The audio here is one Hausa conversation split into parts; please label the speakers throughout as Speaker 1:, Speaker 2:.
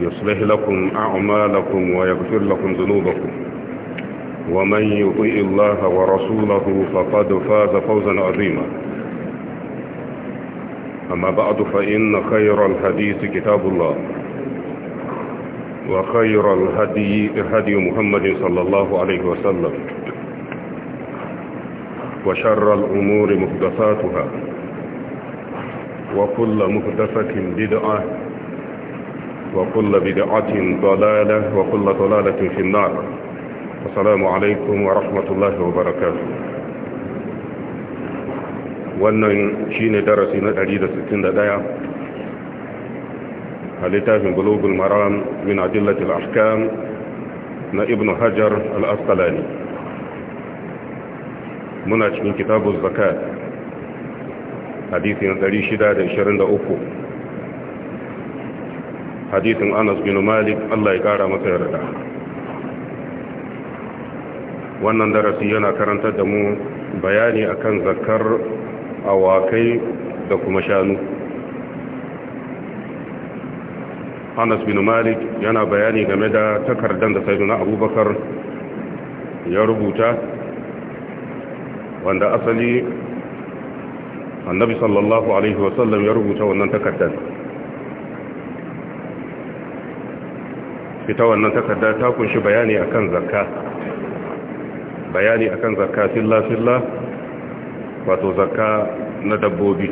Speaker 1: يصلح لكم أعمالكم ويغفر لكم ذنوبكم ومن يطيء الله ورسوله فقد فاز فوزا عظيما أما بعد فإن خير الحديث كتاب الله وخير الهدي هدي محمد صلى الله عليه وسلم وشر الأمور محدثاتها وكل محدثة بدعة وكل بدعة ضلالة وكل ضلالة في النار السلام عليكم ورحمة الله وبركاته wannan shine darasi na 161 a littafin global maram min adillatil ahkam na ibn hajar al-asqalani muna cikin kitabuz zakat hadisi na 623 hadithin anas bin malik allah ya kara masa yarda wannan darasi yana karantar da mu bayani akan zakar awakai da kuma shanu anas bin malik yana bayani game da takardar da saiduna abubakar ya rubuta wanda asali annabi sallallahu alaihi wasallam ya rubuta wannan takardar ita wannan takardar ta kunshi bayani akan zakka bayani akan zakka filla filla wato zakka na dabbobi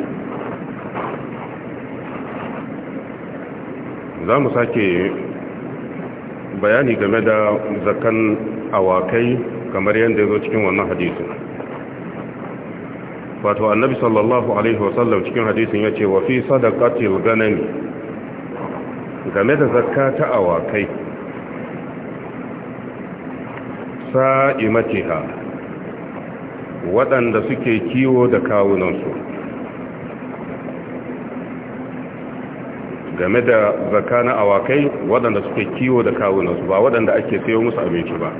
Speaker 1: za mu sake bayani game da zakan awakai kamar yadda ya zo cikin wannan hadisun wato annabi sallallahu alaihi wasallam cikin hadisun ya ce wa fi sadaqatil ganami game da zakka ta awakai sa'imatiha waɗanda suke kiwo da kawunansu game da zaka na awakai waɗanda suke kiwo da kawunansu ba waɗanda ake sayo musu abinci ba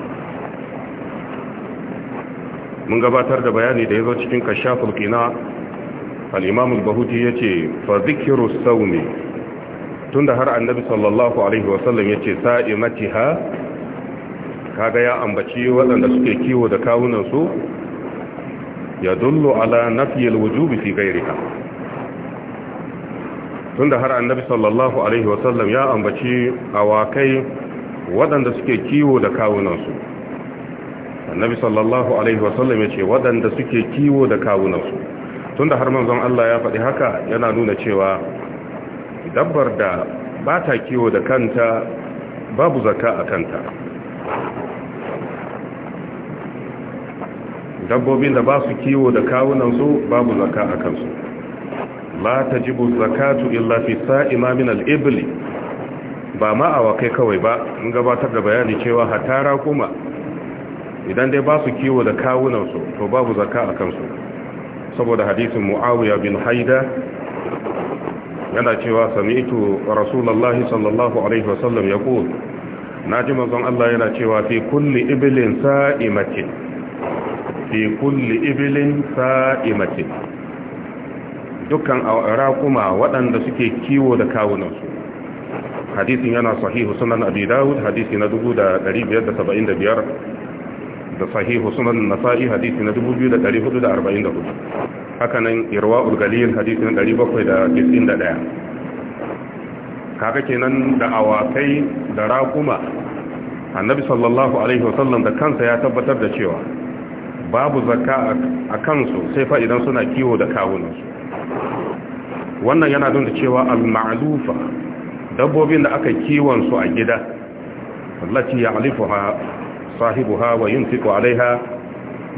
Speaker 1: mun gabatar da bayani da ya zo cikin kashafin kina al'imamul bahuti ya ce fa zikiru ne tun da har annabi sallallahu alaihi wasallam ya ce sa'imatiha kaga ya ambaci waɗanda suke kiwo da kawunansu ya dullo ala nafiyar wujubi fi gairika tun da har annabi sallallahu alaihi wasallam ya ambaci awakai waɗanda suke kiwo da kawunansu annabi sallallahu alaihi wasallam ya ce waɗanda suke kiwo da kawunansu tun da har manzon Allah ya faɗi haka yana nuna cewa dabbar da ba ta kiwo da kanta babu zaka a kanta dabbobin da ba su kiwo da kawunansu babu zaka a kansu la tajibu zakatu illa fi sa'ima min al-ibli ba ma awakai kawai ba in gabatar da bayani cewa hatara kuma idan dai ba su kiwo da kawunansu to babu zaka a kansu saboda hadisin muawiya bin haida yana cewa sami'tu rasulullahi sallallahu alaihi wasallam yaqul naji manzon Allah yana cewa fi kulli iblin sa'imatin fi kulli ibilin sa'imatin dukkan raƙuma waɗanda suke kiwo da kawunansu hadisin yana sahihu sunan abi dawud hadisi na dubu da sahihu sunan nasa'i hadisi na 2444 Hakanan nan irwa ulgalil hadisi na 791 kaga kenan da awakai da raƙuma annabi sallallahu alaihi wasallam da kansa ya tabbatar da cewa babu zakka a kansu sai fa idan suna kiwo da kawunansu wannan yana don cewa al-ma'lufa dabbobin da aka kiwon su a gida allati ya'lifuha sahibuha wa yunfiqu 'alayha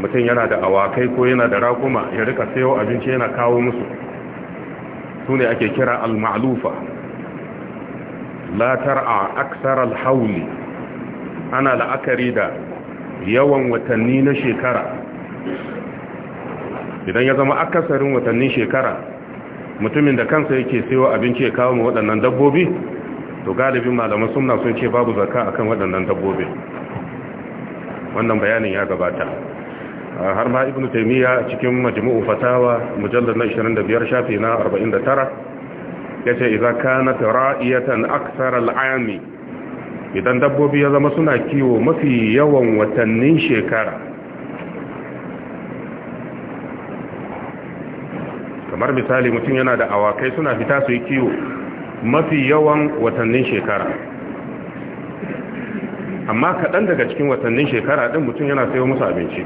Speaker 1: mutum yana da awakai ko yana da rakuma ya rika sayo abinci yana kawo musu sune ake kira al-ma'lufa la tar'a aksar al-hawli ana la'akari da yawan watanni na shekara idan ya zama akasarin watannin shekara mutumin da kansa yake sayo abinci ya kawo mu waɗannan dabbobi to galibin malaman sunna sun ce babu zakka akan waɗannan dabbobi wannan bayanin ya gabata ah, har ma ibnu taymiya cikin majmu'u fatawa mujallad na 25 shafi na 49 yace idza kanat ra'iyatan aksara al'ami idan dabbobi ya zama suna kiwo mafi yawan watannin shekara kamar misali mutum yana da awakai suna fita su yi kiwo mafi yawan watannin shekara amma kaɗan daga cikin watannin shekara ɗin mutum yana sayo musu abinci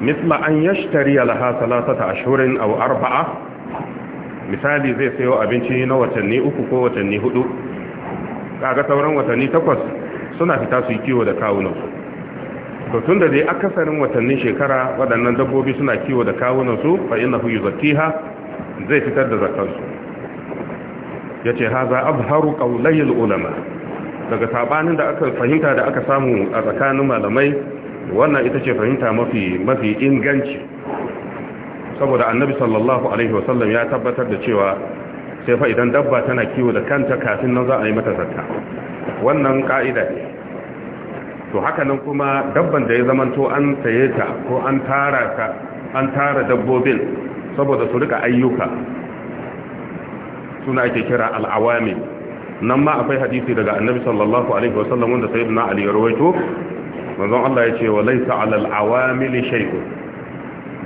Speaker 1: misla an yashtari alaha salatata ashurin abu arba'a misali zai sayo abinci na watanni uku ko watanni hudu kaga sauran watanni takwas suna fita su yi kiwo da kawunansu to tun da dai akasarin watannin shekara waɗannan dabbobi suna kiwo da kawunansu fa hu yuzakkiha zai fitar da zakansu yace haza abharu qawlayil ulama daga sabanin da aka fahimta da aka samu a tsakanin malamai wannan ita ce fahimta mafi mafi inganci saboda annabi sallallahu alaihi wasallam ya tabbatar da cewa sai fa idan dabba tana kiwo da kanta kafin nan za a yi mata zakka wannan ka'ida ne to haka nan kuma dabban da ya zamanto an saye ta ko an tara ta an tara dabbobin saboda su rika ayyuka suna ake kira al'awami nan ma akwai hadisi daga annabi sallallahu alaihi wasallam wanda sayyidina ali ya rawaito manzon Allah ya ce wa laysa alal awamili shay'un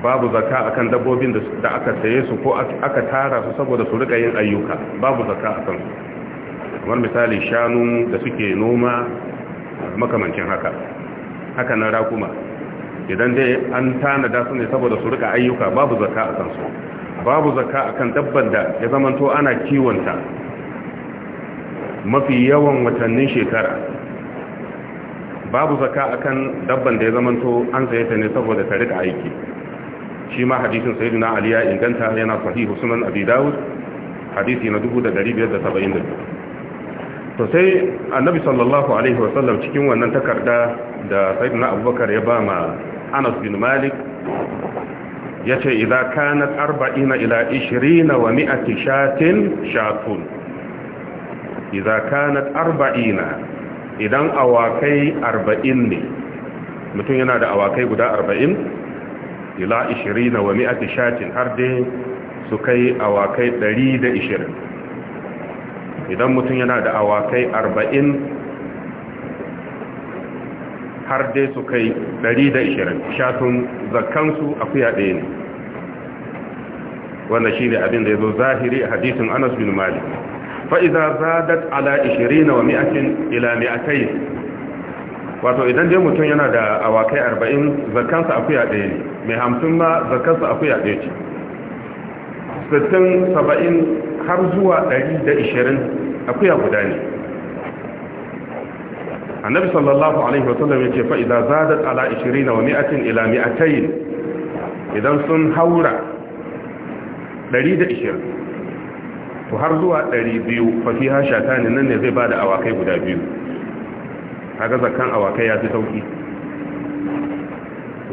Speaker 1: babu zaka akan dabbobin da aka saye su ko aka tara su saboda su rika yin ayyuka babu zaka akan su kamar misali shanu da suke noma makamancin haka haka na rakuma idan dai an tanada su ne saboda su rika ayyuka babu zakka akan su babu zaka akan dabban da ya zamanto ana kiwonta mafi yawan watannin shekara babu zaka akan dabban da ya zamanto an saye ta ne saboda ta rika aiki shi ma hadisin sayyidina ali ya inganta yana sahihu sunan abi dawud hadisi na 1572 to sai annabi sallallahu alaihi wasallam cikin wannan takarda da sayyidina abubakar ya ba ma anas bin malik ya ce idan kanat arba'ina ila ishirina wa mi'ati shatin shatun idan kanat arba'ina idan awakai arba'in ne mutum yana da awakai guda arba'in ila 20 wa mi'ati shatin har dai su kai awakai 120 idan mutum yana da awakai 40 har dai su kai 120 shatun zakkansu akuya ɗaya ne shi shine abin da zo zahiri a hadisin Anas bin Malik fa a zadat ala 20 wa mi'atin ila mi'atayn wato idan dai mutum yana da awakai arba'in zakansa akuya ɗaya ne mai hamsin ma zakansa akuya ɗaya ce sittin saba'in har zuwa ɗari da ishirin akuya guda ne
Speaker 2: annabi sallallahu alaihi wasallam ya ce fa'iza
Speaker 1: zadat ala ishirina wa mi'atin ila mi'atayin idan sun haura ɗari da ishirin to har zuwa ɗari biyu fafi hasha ta ne nan ne zai ba da awakai guda biyu kaga zakkan awakai ya fi sauki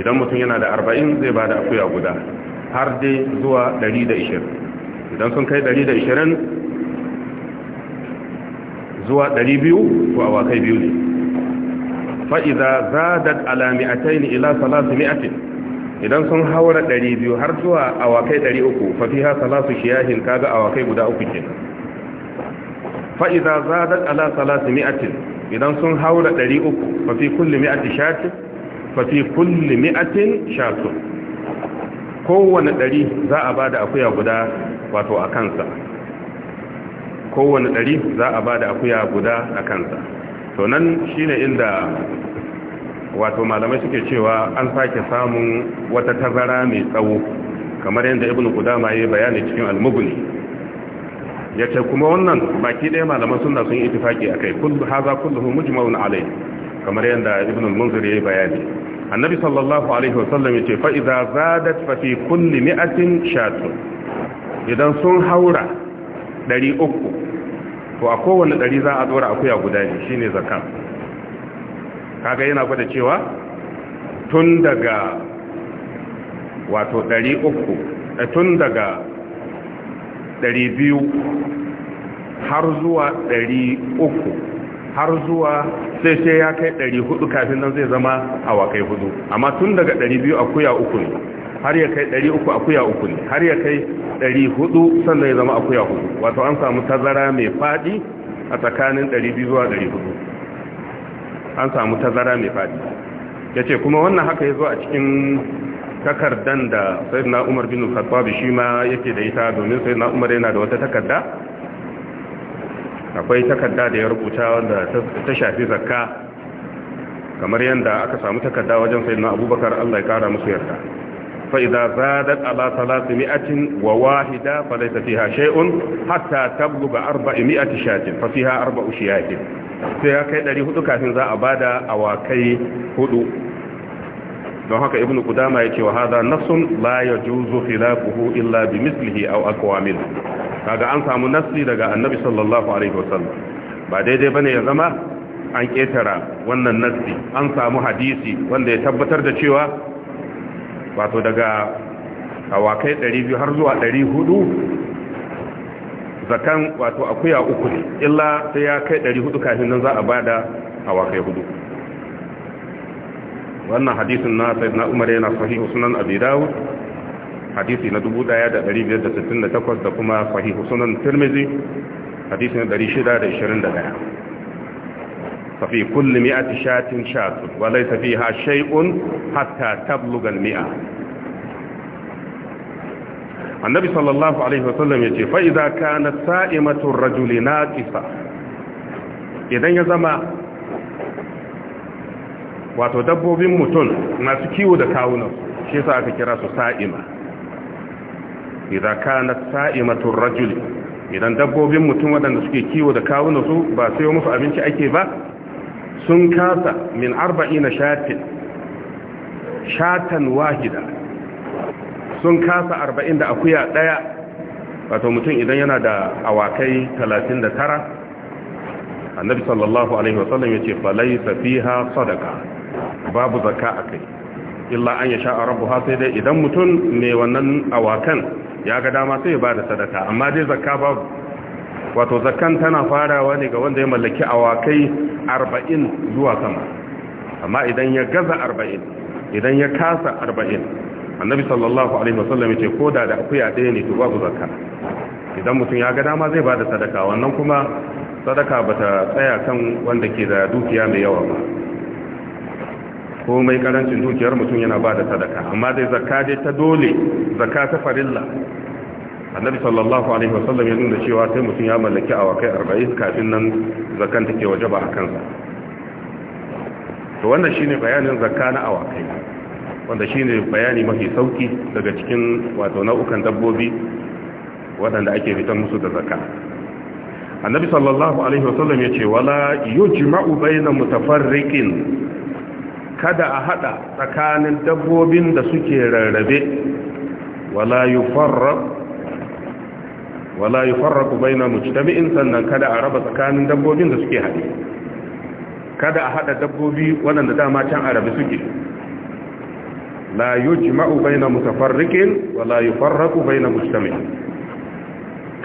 Speaker 1: idan mutum yana da arba'in zai ba da akuya guda har dai zuwa ɗari da ishirin idan sun kai ɗari da ishirin zuwa ɗari biyu ko awakai biyu ne fa'iza zadat a ne ila salasu mi'atin idan sun haura ɗari biyu har zuwa awakai ɗari uku ha salasu shiyahin kaga awakai guda uku ke fa'iza zadat ala salasu mi'atin idan sun haura 300 fa fi kulli mi'ati shati fafi kulle mi'atin shatu kowane 100 za a ba da akuya guda wato a kansa kowane 100 za a ba da akuya guda a kansa to nan shine inda wato malamai suke cewa an sake samun wata tazara mai tsawo kamar yadda ibn qudama yayi bayani cikin al-mughni ya ce kuma wannan baki ɗaya malaman suna sun yi itifaki a kai kullu haza kulluhu mujma'un alai kamar yadda ibn al-munzir yayi bayani annabi sallallahu alaihi wasallam yace fa idza zadat fa fi kulli mi'atin shatu. idan sun haura 300 to a kowanne 100 za a dora akuya guda ne shine zakat kaga yana gwada cewa tun daga wato 300 eh, tun daga 200 har zuwa 300 har zuwa sai sai ya kai 400 kafin nan zai zama a awakai hudu amma tun daga 200 akuya uku ne har ya kai 300 akuya uku ne har ya kai 400 sannan ya zama akuya hudu wato an samu tazara mai fadi a tsakanin 200 zuwa 400 an samu tazara mai fadi ya ce kuma wannan haka ya zo a cikin takardan da na Umar bin Khattab shi ma yake da ita domin sayyidina Umar yana da wata takarda akwai takarda da ya rubuta wanda ta shafi zakka kamar yadda aka samu takarda wajen sayyidina Abubakar Allah ya kara musu yarda fa idza zadat ala 300 wa wahida fa laysa fiha shay'un hatta tabluga 400 shatin fa fiha arba'u shiyatin sai ya kai 400 kafin za a bada awakai huɗu. don haka ibn ya ce wa hadha nassun la yajuzu khilafuhu illa bi mislihi aw aqwa min kaga an samu nassi daga annabi sallallahu alaihi wasallam ba daidai bane ya zama an ketara wannan nassi an samu hadisi wanda ya tabbatar da cewa wato daga awakai 200 har zuwa 400 zakan wato akuya uku ne illa sai ya kai 400 kafin nan za a bada awakai hudu wannan hadisin na sai na Umar yana sahihu sunan Abi Dawud hadisi na 1568 da kuma sahihu sunan Tirmidhi hadisi na 621 ففي كل مئة شاة شاة وليس فيها شيء حتى تبلغ المئة annabi sallallahu alaihi wa wasallam yace fa idza kanat sa'imatur rajuli naqisa idan ya zama wato dabbobin mutum masu kiwo da kawunan shi sa aka kira su sa'ima idan kanat sa'imatur rajuli idan dabbobin mutum waɗanda suke kiwo da kawunan su ba sai musu abinci ake ba sun kasa min arba'ina shatin shatan wahida sun kasa arba'in da akuya ɗaya wato mutum idan yana da awakai talatin da tara annabi sallallahu alaihi wasallam ya ce falai safiha sadaka babu zakka a kai illa an ya sha'a rabu ha sai dai idan mutum ne wannan awakan ya ga dama sai ya ba da sadaka amma dai zakka babu wato zakkan tana farawa ne ga wanda ya mallaki awakai arba'in zuwa sama amma idan ya gaza arba'in idan ya kasa arba'in annabi sallallahu alaihi wasallam ce ko da da akuya ɗaya ne to babu zakka idan mutum ya ga dama zai bada sadaka wannan kuma sadaka bata tsaya kan wanda ke da dukiya mai yawa ba komai karancin dukiyar mutum yana ba da sadaka amma dai zakka dai ta dole zakka ta farilla annabi sallallahu alaihi wasallam ya nuna cewa sai mutum ya mallaki awakai 40 kafin nan zakkan take wajaba a kansa to wannan shine bayanin zakka na awakai wanda shine bayani mafi sauki daga cikin wato nau'ukan dabbobi waɗanda ake fitan musu da zakka annabi sallallahu alaihi wasallam ya ce wala yujma'u bayna mutafarriqin kada a hada tsakanin dabbobin da suke rarrabe wala yufarraq wala yufarraqu baina mujtami'in sannan kada a raba tsakanin dabbobin da suke hade kada a hada dabbobi waɗanda dama can arabi suke la yujma'u baina mutafarriqin wala yufarraqu baina mujtami'in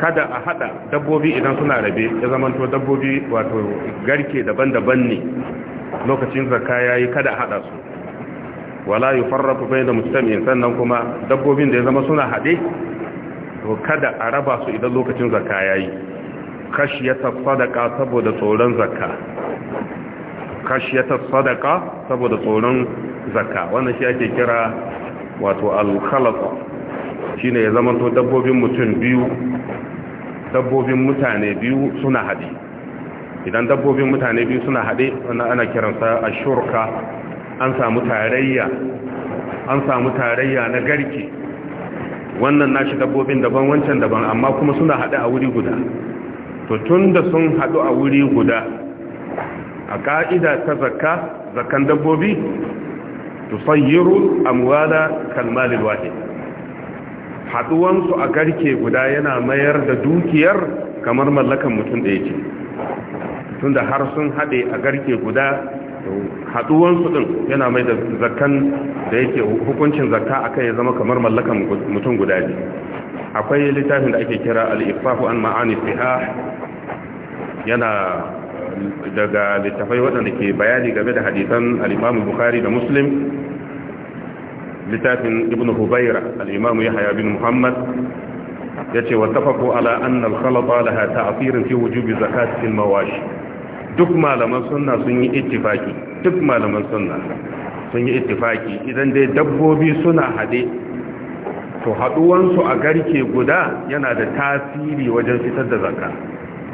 Speaker 1: kada a hada dabbobi idan suna rabe ya zamanto dabbobi wato garke daban-daban ne lokacin ya yayi kada hada su wala yufarraqu bayna mustami'in sannan kuma dabbobin da ya zama suna hade to kada a raba su idan lokacin zaka yayi kashiyata sadaqa saboda tsoron zakka kashiyata sadaqa saboda tsoron zakka wannan shi ake kira wato al shi shine ya zama to dabbobin mutum biyu dabbobin mutane biyu suna hade idan dabbobin mutane biyu suna haɗe wanda ana kiransa shurka an samu tarayya an samu tarayya na garki wannan nashi dabbobin daban wancan daban amma kuma suna haɗe a wuri guda to tun da sun haɗu a wuri guda a ƙa'ida ta zakka zakkan dabbobi to tusayyiru amwala kalmalin wahid haɗuwansu a garke guda yana mayar da dukiyar kamar mallakan mutum da yake tunda har sun haɗe a garke guda haɗuwansu ɗin yana mai da zakan da yake hukuncin zakka a kai ya zama kamar mallakan mutum guda ne akwai littafin da ake kira al'ifafu an ma'ani fiha yana daga littafai waɗanda ke bayani game da hadisan al'imamu bukari da muslim littafin ibn hubaira al'imamu ya haya bin muhammad ya ce wata fako ala annal khalata laha ta'asirin fi wujubi zakatin mawashi duk malaman sunna sun yi ittifaki duk malaman sunna sun yi ittifaki idan dai dabbobi suna hade to haduwansu a garke guda yana da tasiri wajen fitar da zakka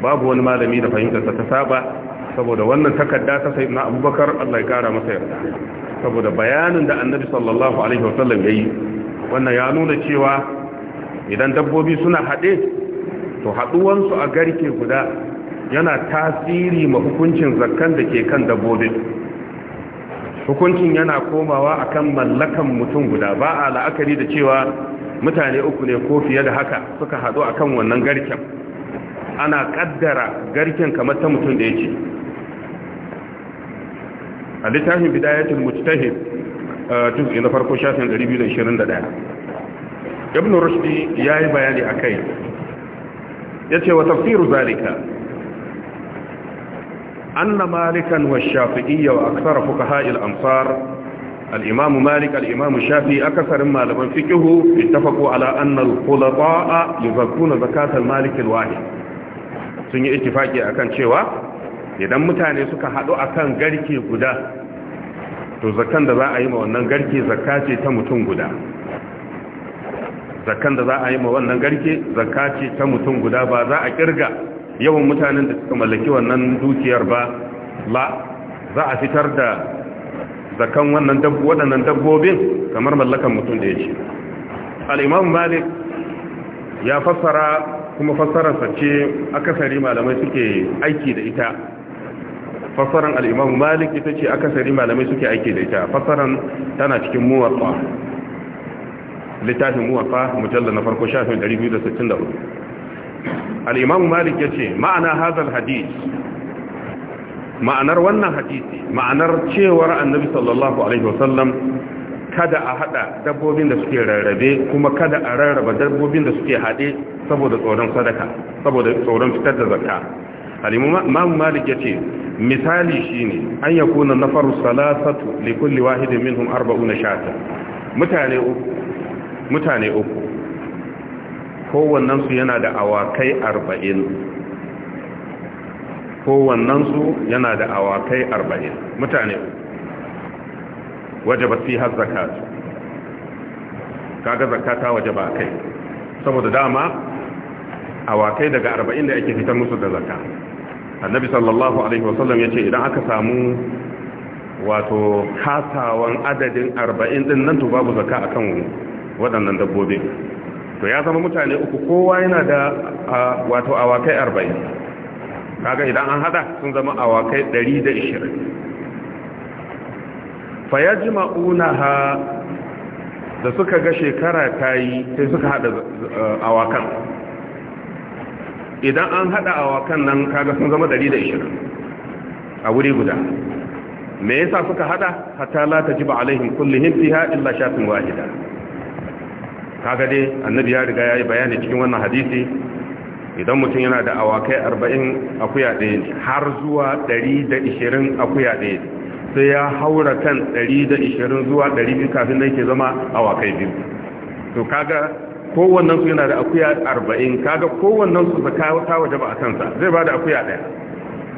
Speaker 1: babu wani malami da fahimtarsa ta saba saboda wannan takarda ta na abubakar Allah ya kara masa yarda saboda bayanin da annabi sallallahu alaihi wasallam yi wannan ya nuna cewa idan dabbobi suna hade to haduwansu a garke guda yana tasiri ma hukuncin zakkan da ke kan dabbobin hukuncin yana komawa akan mallakan mutum guda ba a la'akari da cewa mutane uku ne ko fiye da haka suka hadu akan wannan garken ana kaddara garken kamar ta mutum da yake a littafin bidayatul mujtahid uh, juz'i na farko shafin 221 ibn ya yi bayani akai yace wa tafsiru zalika anna malikan wa shafi'iyya wa aksara fuqaha'il amsar al malik al-imam akasarin malaman fiqhu ittafaqu ala anna al-khulata'a sun yi a kan cewa idan mutane suka a akan garke guda to zakan da za a yi ma wannan garke zakka ce ta mutum guda zakan da za a yi ma wannan garke zakka ce ta mutum guda ba za a kirga yawan mutanen da suka mallaki wannan dukiyar ba la za a fitar da zakan wannan waɗannan dabbobin kamar mallakan mutum da ya ce al'imam malik ya fassara kuma fassararsa ce akasari malamai suke aiki da ita fassaran al'imam malik ita ce akasari malamai suke aiki da ita fassaran tana cikin muwatsa littafin muwatsa mujalla na farko shafin 264 al'imamu malik ya ce ma'ana hazal hadis ma'anar wannan hadisi ma'anar cewar annabi sallallahu alaihi wasallam kada a hada dabbobin da suke rarrabe kuma kada a rarraba dabbobin da suke haɗe saboda tsoron sadaka saboda tsoron fitar da zakka al-imam malik ce misali shine an na faru salasatu li kulli wahidin minhum arba'una shata mutane uku kowannensu yana da awakai arba'in kowannensu yana da awakai arba'in mutane waje ba fi har zakatu kaga zakata waje ba kai saboda dama awakai daga arba'in da ake fitar musu da zaka annabi sallallahu alaihi wasallam ya ce idan aka samu wato kasawan adadin arba'in din nan to babu zaka akan waɗannan dabbobin to ya zama mutane uku kowa yana da wato awakai arba'in kaga idan an hada sun zama awakai dari da ishirin fayajma'unaha da suka ga shekara ta yi sai suka hada eh, awakan idan an hada awakan nan kaga sun zama dari da ishirin a wuri guda me yasa suka hada hatta la tajiba alaihim kullihim fiha illa shatun wahida kaga dai annabi ya riga ya yi bayani cikin wannan hadisi idan mutum yana da awakai 40 akuya ɗaya ne har zuwa 120 akuya ɗaya sai ya haura kan 120 zuwa 200 kafin da yake zama awakai biyu to kaga kowannen su yana da akuya 40 kaga kowannen su zaka ta waje ba a kansa zai ba da akuya ɗaya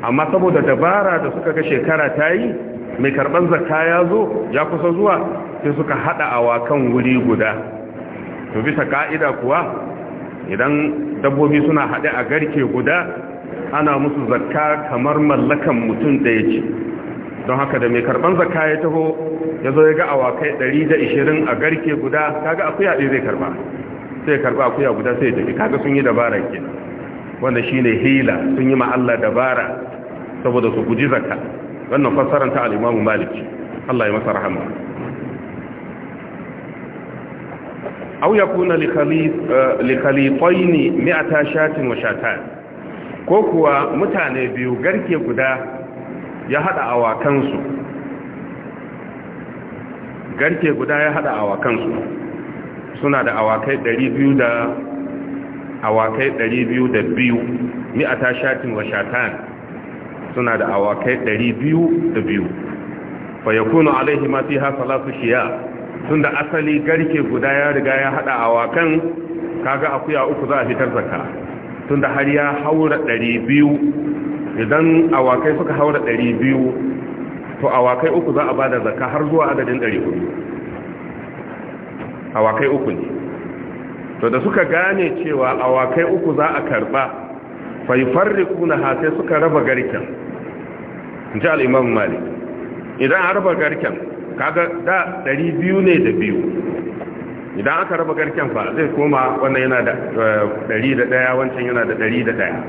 Speaker 1: amma saboda dabara da suka ga shekara ta yi mai karban zakka ya zo ya kusa zuwa sai suka hada awakan wuri guda to bisa ka'ida kuwa idan dabbobi suna haɗe a garke guda ana musu zakka kamar mallakan mutum ya ce don haka da mai karban zakka ya taho ya zo ya ga awakai 120 a garke guda kaga akuya ɗaya zai karba sai karba akuya guda sai tafi kaga sun yi dabara ke wanda shine hila sun yi ma Allah dabara saboda su guji zakka wannan fassarar ta al-Imam Malik Allah ya masa rahama aw yakuna li khalifaini mi'ata shatin wa shatan ko kuwa mutane biyu garke guda ya hada awakansu garke guda ya hada awakansu suna da awakai 200 da awakai 202 mi'ata shatin wa shatan suna da awakai 202 fa yakunu alaihi ma fiha salatu shiya tunda asali garke guda ya riga ya hada awakan kaga akuya uku za a fitar zakka tunda har ya haura 200 idan awakai suka haura 200 to awakai uku za a bada zakka har zuwa adadin 400 awakai uku ne to da suka gane cewa awakai uku za a karba faifarrikuna ha sai suka raba garken in ji al'imam malik idan a raba garken kaga da dari biyu ne da biyu idan aka raba garken fa zai koma wannan yana da dari eh, da daya wancan yana da dari da ɗaya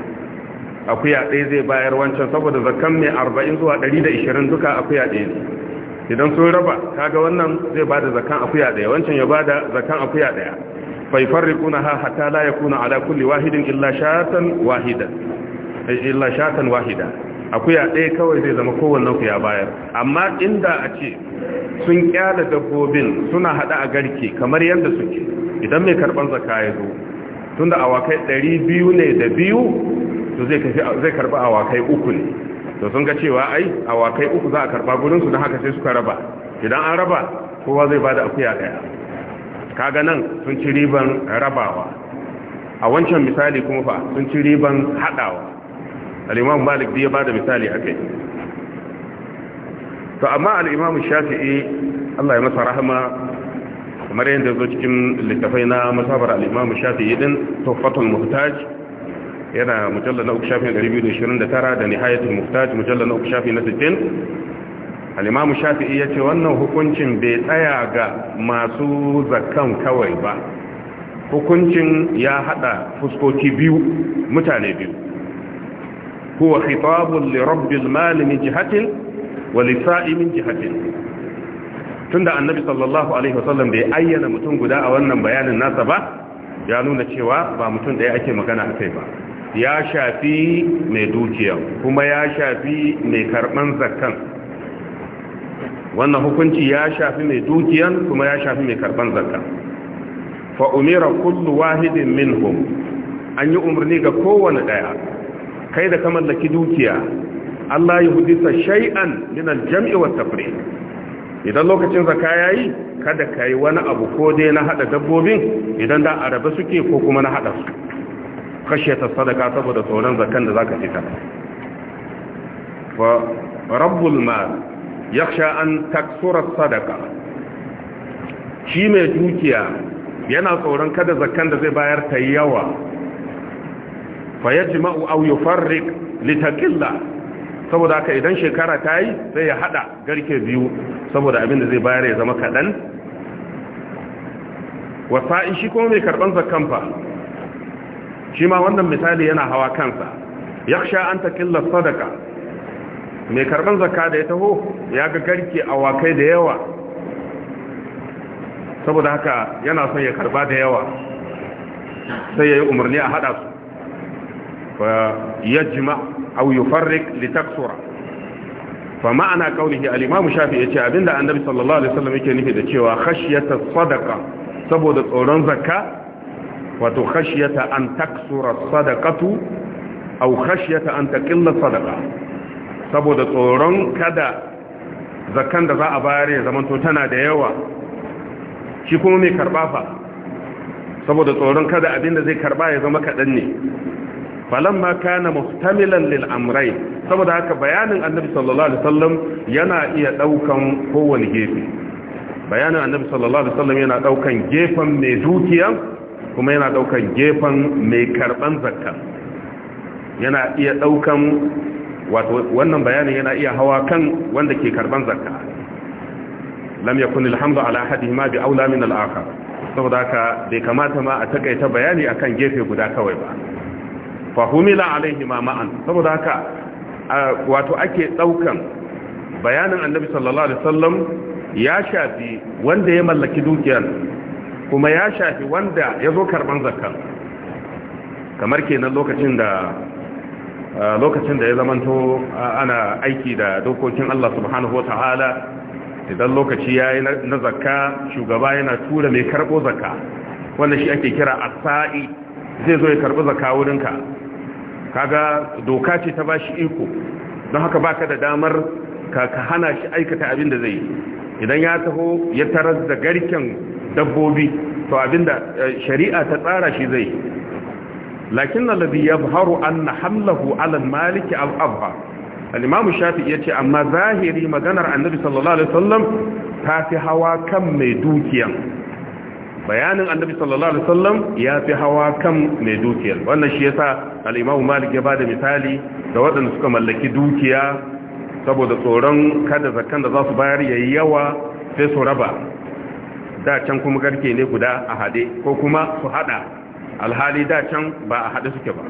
Speaker 1: akuya ɗaya zai bayar wancan saboda zakan mai arba'in zuwa dari da ishirin duka akuya ɗaya ne idan sun raba kaga wannan zai ba da zakan akuya ɗaya wancan ya ba da zakan akuya ɗaya faifar rikuna ha hatta la ya kuna ala kulli wahidin illa shatan wahida eh, akuya ɗaya kawai zai zama kowanne ku ya bayar amma inda a ce sun kyala dabbobin suna hada a garke kamar yadda suke idan mai karban zaka ya zo tun awakai ɗari ne da biyu to zai karba awakai uku ne to sun ga cewa ai awakai uku za a karba gurinsu don haka sai suka raba idan an raba kowa zai ba da akuya ɗaya kaga nan sun ci riban rabawa a wancan misali kuma fa sun ci riban haɗawa al'imamu malik ya ba da misali a kai to amma al'imamu shafi'i allah ya masa rahama kamar yadda zo cikin littafai na masabar al'imamu shafi'i din tuffatul muhtaj yana mujallar na uku shafi 229 da nihayatul muhtaj mujallar na uku shafi na 60 al'imamu shafi'i ya ce wannan hukuncin bai tsaya ga masu zakan kawai ba hukuncin ya haɗa fuskoki biyu mutane biyu huwa khitabun li rabbil mali wa lisa'i min tunda annabi sallallahu alaihi wasallam bai ayyana mutum guda a wannan bayanin nasa ba ya nuna cewa ba mutum ɗaya ake magana a ba ya shafi mai dukiya kuma ya shafi mai karɓan zakkan wannan hukunci ya shafi mai dukiyan kuma ya shafi mai karɓan zakkan fa umira kullu wahidin minhum an yi umarni ga kowane ɗaya kai da ka mallaki dukiya Allah ya hudisa shay'an min jami wa tafriq idan lokacin ya yayi kada yi wani abu ko dai na haɗa dabbobin idan da araba suke ko kuma na haɗa su kashe ta sadaka saboda tsoron zakkan da zaka fita fa rabbul mal yakhsha an taksura sadaka shi mai dukiya yana tsoron kada zakkan da zai bayar ta yawa fa jima'u aw yufarriq litakilla saboda haka idan shekara ta yi sai ya hada garke biyu saboda abin da zai bayar ya zama kadan wasa'in shi kuma mai karban zakan fa shi ma wannan misali yana hawa kansa sha an takilla sadaka. mai karban zakka da ya taho ya ga garke wakai da yawa saboda haka yana son ya karba da yawa sai ya yi umarni a hada su yajma aw yufarriq litaksura fa ma'ana qawlihi al-imam shafi'i yace abinda annabi sallallahu alaihi wasallam yake nufi da cewa khashyata sadaqa saboda tsoron zakka wato khashyata an taksura sadaqatu aw khashyata an taqilla saboda tsoron kada zakkan da za a bayar ya zamanto tana da yawa shi kuma mai karba fa saboda tsoron kada abin da zai karba ya zama kaɗan ne falamma kana muhtamilan lil amrai saboda haka bayanin annabi sallallahu alaihi wasallam yana iya daukan kowane gefe bayanin annabi sallallahu alaihi wasallam yana daukan gefen mai dukiya kuma yana daukan gefen mai karban zakka yana iya daukan wato wannan bayanin yana iya hawa kan wanda ke karban zakka lam yakun alhamdu ala ahadihima bi aula min al-akhar saboda haka bai kamata ma a takaita bayani akan gefe guda kawai ba Fahimila alaihi ma'an saboda haka wato ake daukan bayanin annabi sallallahu alaihi wasallam ya shafi wanda ya mallaki dukiyar kuma ya shafi wanda ya zo karban zakka kamar kenan lokacin da lokacin da ya zamanto ana aiki da dokokin Allah subhanahu wataala idan lokaci yayi na zakka shugaba yana tura mai karbo zakka wanda shi ake kira asa'i zai zo ya karbi zakka wurinka kaga doka ce ta bashi iko don haka baka da damar ka hana shi aikata abin da zai yi idan ya taho ya taras da garken dabbobi to abin da eh, shari'a ta tsara shi zai yi lakin alladhi yabharu anna hamlahu ala al-maliki aw abha al-imam shafi'i yace amma zahiri maganar annabi sallallahu alaihi wasallam ta fi hawa kan mai dukiyan bayanin annabi sallallahu alaihi wasallam ya fi hawa kan mai dukiyar wannan shi yasa al-imamu malik ya bada misali da waɗanda suka mallaki dukiya saboda tsoron kada zakkan da za su bayar yayi yawa sai su raba da can kuma garke ne guda a hade ko kuma su hada alhali da can ba a hade suke ba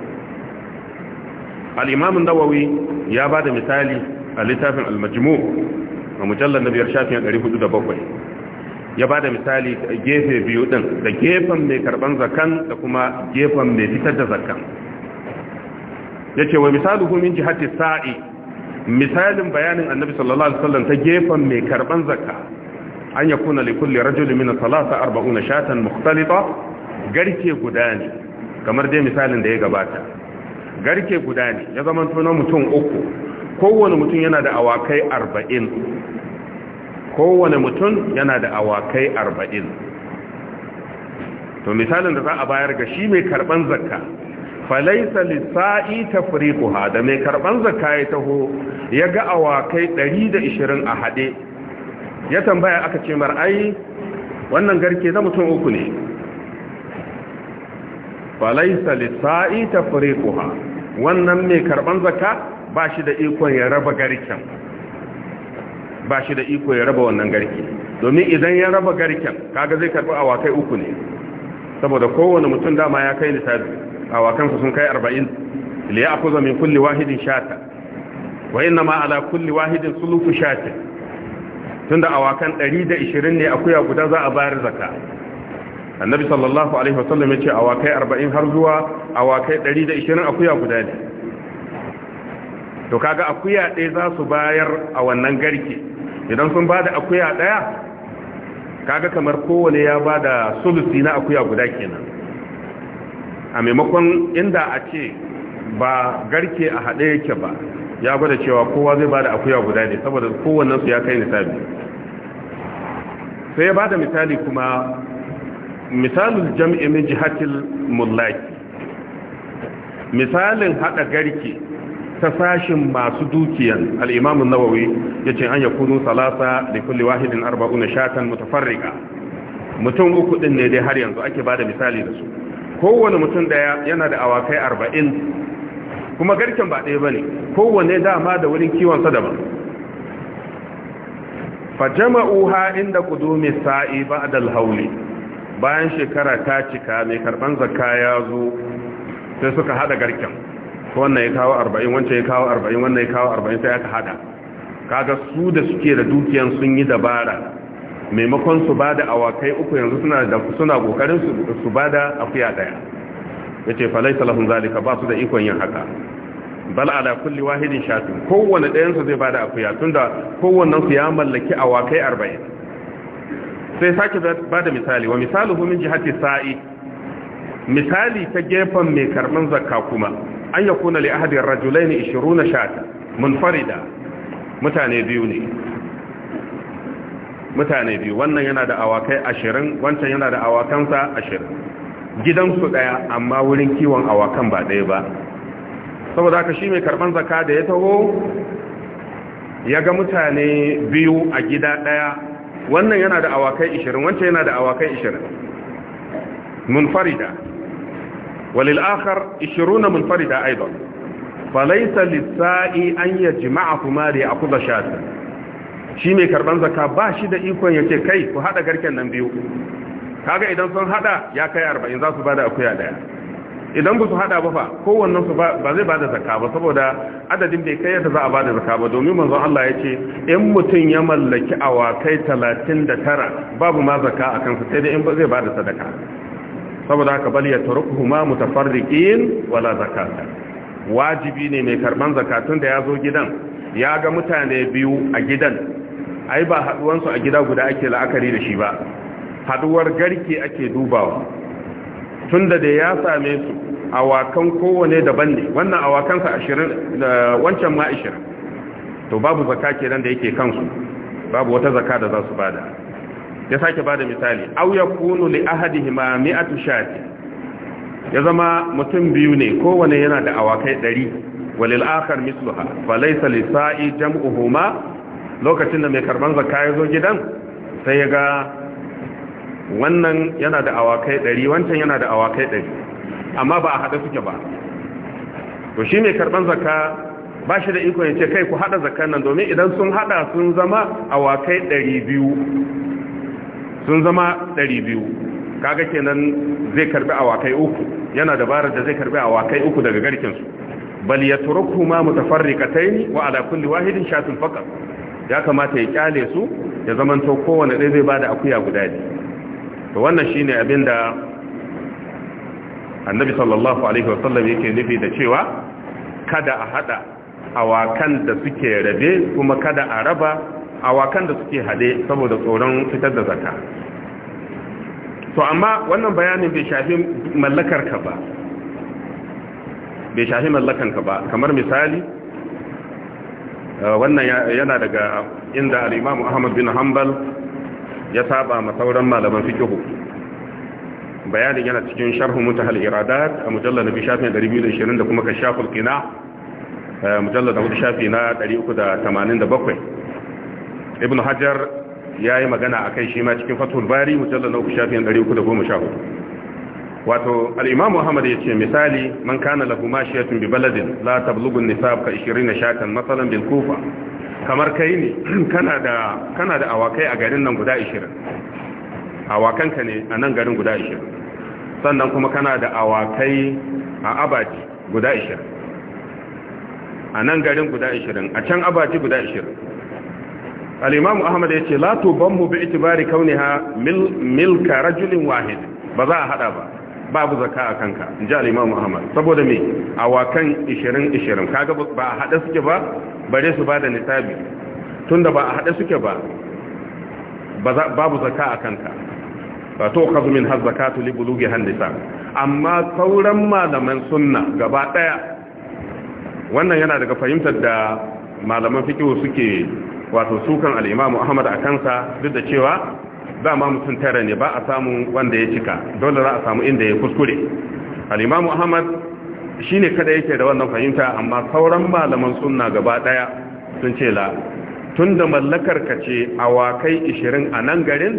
Speaker 1: al-imamu nawawi ya bada misali a littafin al-majmu' a mujallal na biyar shafin 407 ya ba da misali gefe biyu din da gefen mai karban zakan da kuma gefen mai fitar da zakan ya ce wa misali min jihati sa'i misalin bayanin annabi sallallahu alaihi wasallam ta gefen mai karban zaka. an ya li kulli rajulin min salasa arba'una shatan mukhtalita garke guda ne kamar dai misalin da ya gabata garke guda ne ya zama tunan mutum uku kowane mutum yana da awakai arba'in kowane mutum yana da awakai arba'in to misalin da za a bayar ga shi mai karban zakka falaisa lissa'i tafriquha da mai karban zakka ya taho ya ga awakai 120 a hade ya tambaya aka ce mar ai wannan garke na mutum uku ne falaisa lissa'i tafriquha wannan mai karban zakka ba shi da ikon ya raba garken ba shi da iko ya raba wannan garki domin idan ya raba garken kaga zai karbi awakai uku ne saboda kowane mutum dama ya kai nisabi awakansu sun kai 40 li ya'khudha min kulli wahidin shata wa ma ala kulli wahidin sulufu shata tunda awakan 120 ne akuya guda za a bayar zakka annabi sallallahu alaihi wasallam yace awakai 40 har zuwa awakai 120 akuya guda ne to kaga akuya ɗaya za su bayar a wannan garke idan sun bada akuya daya kaga kamar kowane ya ba bada sulusi na akuya guda kenan a maimakon inda a ce ba garke a haɗe yake ba ya gwada cewa kowa zai bada akuya guda ne saboda kowannensu ya kai nisabi sai ya bada misali kuma misalin jam'i min jihatil mullaki misalin haɗa garke ta sashin masu dukiyan al-imam an-nawawi yace an yakunu salasa li kulli wahidin arba'una shatan mutafarriqa mutum uku din ne dai har yanzu ake bada misali da su kowanne mutum daya yana da awakai arba'in, kuma garken ba ɗaya daya bane kowanne dama da wurin kiwon sa daban fajama'uha inda qudumi sa'i ba'da al-hawli bayan shekara ta cika mai karban zakka ya zo sai suka haɗa garken wannan ya kawo arba'in wancan ya kawo arba'in wannan ya kawo arba'in sai aka hada kaga su da suke da dukiyan sun yi dabara maimakon su bada awakai uku yanzu suna da suna kokarin su bada akuya daya yace fa laysa lahum zalika ba su da ikon yin haka bal ala kulli wahidin shatu kowanne ɗayan su zai bada akuya tunda kowanne su ya mallaki awakai 40 sai sake bada misali wa misaluhu min jihati sa'i misali ta gefen mai karban zakka kuma an yakuna li ahadi ar-rajulaini 20 shata munfarida mutane biyu ne mutane biyu wannan yana da awakai ashirin wancan yana da awakansa ashirin gidansu daya amma wurin kiwon awakan ba daya ba saboda haka shi mai karban zaka da ya taho ya ga mutane biyu a gida daya wannan yana da awakai ashirin wancan yana da awakai 20 munfarida walil akhar 20 munfarida aidan falaysa lis-sa'i an yajma'a kuma da akuza shata shi mai karban zakka ba shi da ikon yake kai ku hada garken nan biyu kaga idan sun hada ya kai 40 za su bada akuya daya idan ba su hada ba fa kowannen ba zai bada zakka ba saboda adadin bai kai yadda za a bada zaka ba domin manzon Allah ya ce in mutum ya mallaki awakai tara babu ma zaka a su sai dai in zai bada sadaka saboda haka bal ya turku ma mutafarriqin wala zakata wajibi ne mai karban zakatun da ya zo gidan ya ga mutane biyu a gidan ai ba su a gida guda ake la'akari da shi ba haduwar garke ake dubawa tunda da ya same su awakan kowane daban ne wannan sa 20 wancan ma 20 to babu zakake nan da yake kansu babu wata zakata da za su bada ya sake bada misali aw yakunu li ma mi'atu shati ya zama mutum biyu ne kowane yana da awakai 100 walil akhar misluha fa laysa li sa'i jam'uhuma lokacin da mai karban zakka ya zo gidan sai ya ga wannan yana da awakai 100 wancan yana da awakai 100 amma ba a hada suke ba to shi mai karban zakka ba shi da iko ya ce kai ku hada zakkan nan domin idan sun hada sun zama awakai 200 sun zama ɗari 200 kaga kenan zai karbi awakai uku yana dabarar da zai karbi awakai uku daga garkin su bal yatrukuma mutafarriqatayn wa ala kulli wahidin shatun faqat ya kamata ya kyale su ya zamanto kowanne dai zai bada akuya guda ne to wannan shine abinda annabi sallallahu alaihi wasallam yake nufi da cewa kada a haɗa awakan da suke rabe kuma kada a raba awakan da suke hade saboda tsoron fitar da zakka to amma wannan bayanin bai shafi mallakar ka ba bai shafi mallakan ka ba kamar misali eh, wannan yana daga inda al-Imam Ahmad bin Hanbal ya saba ma sauran malaman fiqh bayanin yana cikin sharh mutahal iradat a mujallal nabi shafi 220 da kuma kashaful qina eh, mujallal da shafi na 387 ibn hajar ya yi magana a kai shi ma cikin fatul bari mujallar na uku sha 314 wato al'imam muhammad ya ce misali man kana shi ya bi baladin la tablugun nisab ka 20 shatan matsalan bil kufa kamar kai ne kana da kana da awakai a garin nan guda 20 awakanka ne a nan garin guda 20 sannan kuma kana da awakai a abaji guda 20 a nan garin guda 20 a can abaji guda 20 al-imam ahmad yace la mu bi itibari kauniha mil milka rajulin wahid ba za a hada ba babu zaka a kanka ji al-imam ahmad saboda me wakan 20 20 kaga ba a hada suke ba bare su bada nisabi tunda ba a hada suke ba babu zaka a kanka ba to kazu min har zakatu li bulugi handisa amma sauran malaman sunna gaba daya wannan yana daga fahimtar da malaman fiqh suke wato sukan al'imamu ahmad a kansa duk da cewa ma mutum tara ne ba a samu wanda ya cika dole za a samu inda ya kuskure al'imamu ahmad shi ne kada yake da wannan fahimta amma sauran malaman sunna gaba daya sun ce la tun da mallakar ka ce awakai 20 a nan garin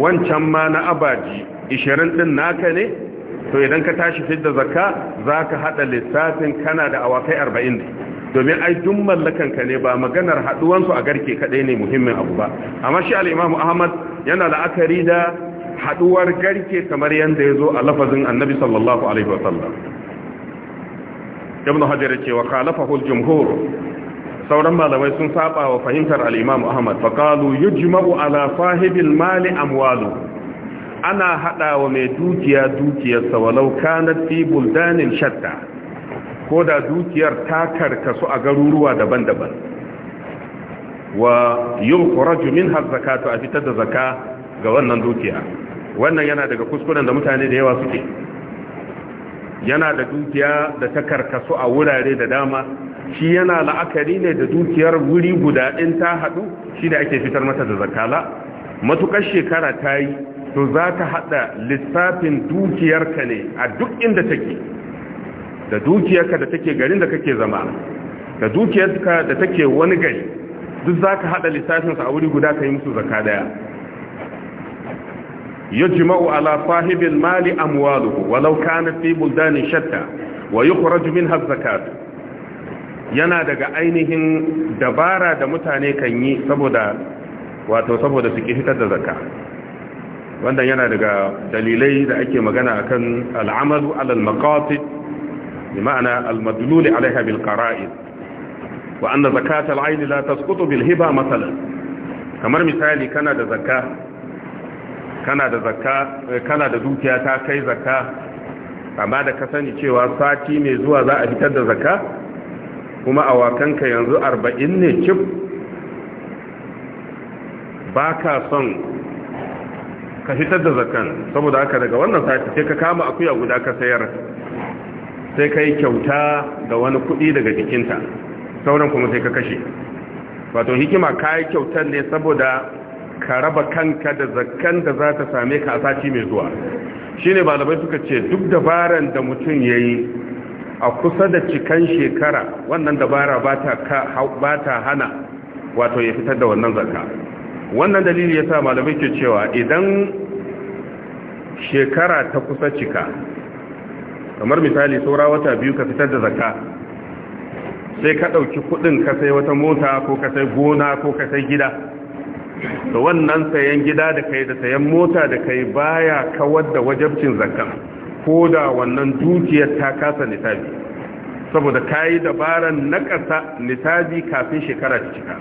Speaker 1: wancan ma na abaji 20 din naka ne to idan ka tashi fidda zakka za ka haɗa lissafin kana da awakai 40 domin ai duk mallakan ne ba maganar haduwan a garke kadai ne muhimmin abu ba amma shi al Ahmad yana la'akari da haduwar garke kamar yanda yazo a lafazin Annabi sallallahu alaihi wasallam Ibn Hajar ce wa khalafahu al-jumhur sauran malamai sun saba wa fahimtar al Ahmad fa qalu yujma'u ala sahibil mali amwalu ana hada wa mai dukiya dukiyarsa walau kanat fi buldanin shatta ko da dukiyar ta karkasu a garuruwa daban-daban wa yin kuraju har zakatu a fitar da zaka ga wannan dukiya wannan yana daga kuskuren da mutane da yawa suke yana da dukiya da ta karkasu a wurare da dama shi yana la'akari ne da dukiyar wuri guda in ta haɗu shi da ake fitar mata da zakala matukar shekara ta yi to za ta haɗa lissafin dukiyarka ne a duk inda take da dukiyarka da take garin da kake zama da dukiyarka da take wani gari duk za ka haɗa sa a wuri guda ka yi musu zaka daya ya jima'u ala sahibin mali amwaluhu walau kana fi buldanin shatta wa yi kuraju min hazzakatu yana daga ainihin dabara da mutane kan yi saboda wato saboda su da zakka wannan yana daga dalilai da ake magana akan al'amalu alal maqasid bi ma'ana al-madlul 'alayha bil qara'id zakata al-'ayn la tasqutu bil hiba kamar misali kana da dukiya ta kai zaka, amma da ka sani cewa sati mai zuwa za a fitar da zakka kuma awakanka yanzu arba'in ne cif ba ka son ka fitar da zakan saboda haka daga wannan sati sai ka kama akuya guda ka sayar sai ka yi kyauta ga wani kuɗi daga jikinta sauran kuma sai ka kashe wato hikima ka yi kyautar ne saboda ka raba kanka da zakkan da za ta same ka a sati mai zuwa shi ne balabai suka ce duk dabaran da mutum ya yi a kusa da cikan shekara wannan dabara ba ta hana wato ya fitar da wannan zakka wannan dalili ya sa malamai ke cewa idan shekara ta kusa cika kamar misali saura wata biyu ka fitar da zakka sai ka ɗauki kuɗin ka sai wata mota ko ka sai gona ko ka sai gida da wannan sayan gida da kai da sayan mota da kai baya kawar da wajabcin zakka ko da wannan dukiyar ta kasa nisabi saboda ka yi dabarar nakasa nisabi kafin shekara ta cika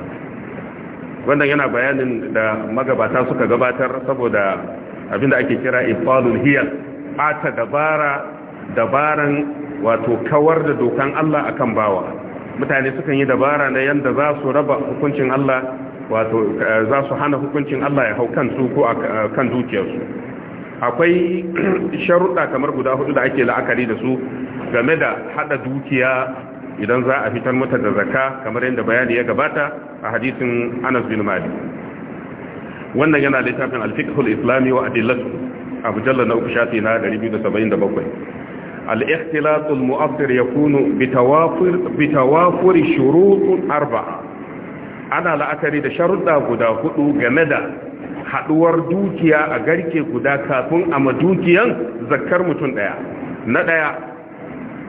Speaker 1: wannan yana bayanin da magabata suka gabatar saboda abinda ake kira ifalul hiyar ata dabara dabaran wato kawar da dokan Allah akan bawa mutane sukan yi dabara na yanda za su raba hukuncin Allah wato eh, za su hana hukuncin Allah ya hau su ko eh, kan dukiyarsu akwai sharuɗa kamar guda hudu da ake la'akari da su game da hada dukiya idan za a fitar mata da zakka kamar yadda bayani ya gabata a hadisin Anas bin Malik wannan yana littafin al-fiqh al-islami wa adillatu a jalla na uku shafi na 277 al-ikhtilat al ya kunu bi tawafur bi tawafur shurut ana la'akari da sharuɗa guda hudu game da haɗuwar dukiya a garke guda kafin a madukiyan zakkar mutum ɗaya. na ɗaya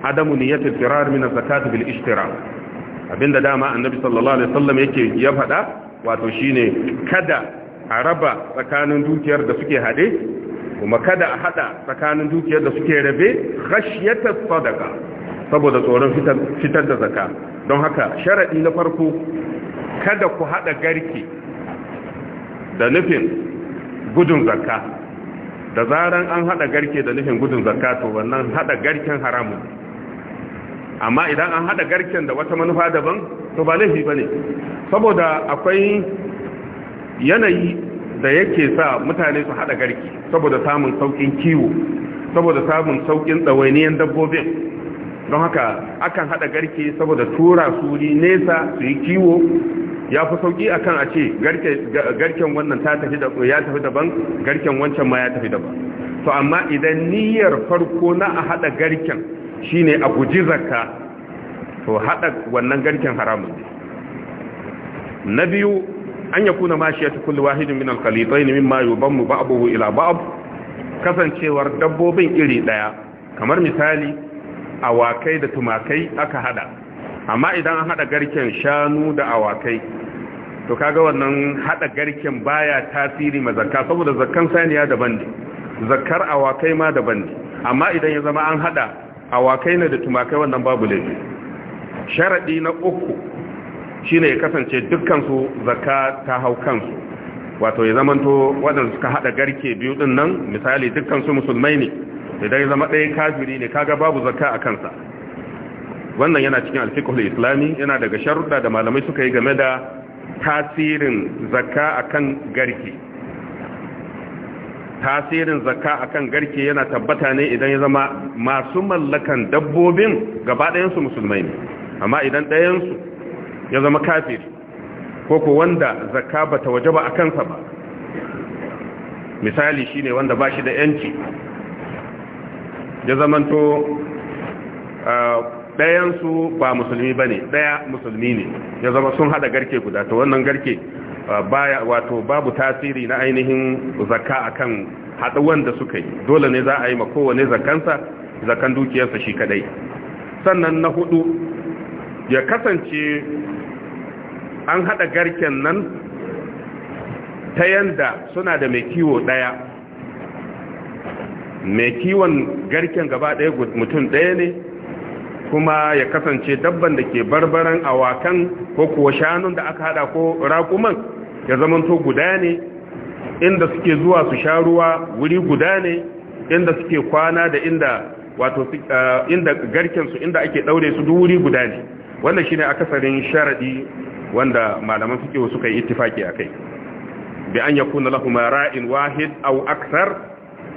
Speaker 1: adamu niyyatul firar min zakat bil ishtirak abinda dama annabi sallallahu alaihi wasallam yake ya faɗa wato shine kada a raba tsakanin dukiyar da suke haɗe. kuma kada a hada tsakanin dukiyar da suke rabe khashyata sadaqa saboda tsoron fitar da zakka don haka sharadi na farko kada ku hada garki da nufin gudun zakka da zaran an hada garke da nufin gudun zakka to wannan hada garken haramu amma idan an hada garken da wata manufa daban to ba laifi bane saboda akwai yanayi da yake sa mutane su haɗa garki saboda samun saukin kiwo saboda samun saukin tsawainiyan dabbobin don haka akan haɗa garki saboda tura suri nesa su yi kiwo ya fi sauƙi akan a ce garken wannan ta tafi ya tafi daban garken wancan ma ya tafi daban to amma idan niyyar farko na a haɗa garken shine a guji zakka to haɗa wannan garken haramun na biyu an ya mashi mashiyatu kullu wahidin min al mimma yubammu ba'dahu ila ba'd kasancewar dabbobin iri ɗaya. kamar misali awakai da tumakai aka hada amma idan an hada garken shanu da awakai to kaga wannan hada garken baya tasiri ma zakka saboda zakkan saniya daban ne zakkar awakai ma daban ne amma idan ya zama an hada awakai ne da tumakai wannan babu laifi sharadi na uku shine ya kasance dukkansu zakka ta hau kansu wato ya zamanto waɗanda suka haɗa garke biyu ɗin nan misali dukkansu musulmai ne idan ya zama ɗaya kafiri ne kaga babu zakka a kansa wannan yana cikin alfikul islami yana daga sharuɗa da malamai suka yi game da tasirin zakka kan garke tasirin zakka kan garke yana tabbata ne idan ya zama masu mallakan dabbobin gaba ɗayansu musulmai ne amma idan ɗayansu ya zama kafiri ko ko wanda zakka bata wajaba a kansa ba misali shine wanda ba shi da yanci ya to ɗayansu ba musulmi ba ne ɗaya musulmi ne ya zama sun haɗa garke guda ta wannan garke baya wato babu tasiri na ainihin zakka akan haɗu wanda suka yi dole ne za a yi ma kowane zakansa zakan dukiyarsa shi kadai sannan na hudu ya kasance an haɗa garken nan ta yanda suna da mai kiwo ɗaya mai kiwon garken gaba ɗaya mutum ɗaya ne kuma ya kasance dabban da ke barbaran awakan ko kuwa shanun da aka haɗa ko raƙuman ya zamanto guda ne inda suke zuwa su sha ruwa wuri guda ne inda suke kwana da inda wato eh, inda garkensu, inda ake ɗaure su duk wuri guda ne wannan shine akasarin sharaɗi. wanda malaman fikihu suka yi ittifaki akai bi an yakuna lahumara ra'in wahid aw akthar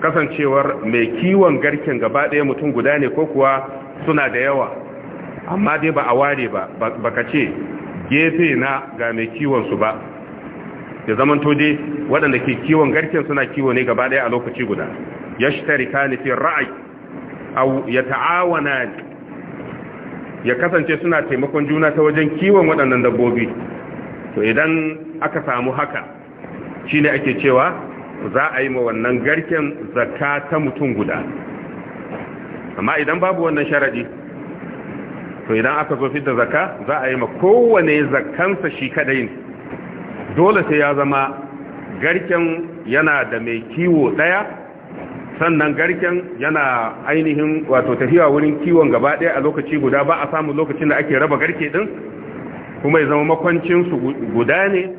Speaker 1: kasancewar mai kiwon garken gaba daya mutum guda ne ko kuwa suna da yawa amma dai ba a ware ba baka ce gefe na ga mai kiwon su ba da zaman to dai waɗanda ke kiwon garken suna kiwo ne gaba daya a lokaci guda yashtarikani ni fi ra'i aw yata'awana ya kasance suna taimakon juna ta wajen kiwon waɗannan dabbobi to idan aka samu haka shine ake cewa za a yi ma wannan garken zakka ta mutum guda amma idan babu wannan sharaɗi to idan aka zo fitar zakka za a yi ma kowane zakkansa shi kadai dole sai ya zama garken yana da mai kiwo ɗaya. sannan garken yana ainihin wato tafiya wurin kiwon gaba ɗaya a lokaci guda ba a samu lokacin da ake raba garke ɗin kuma ya zama makwancinsu guda ne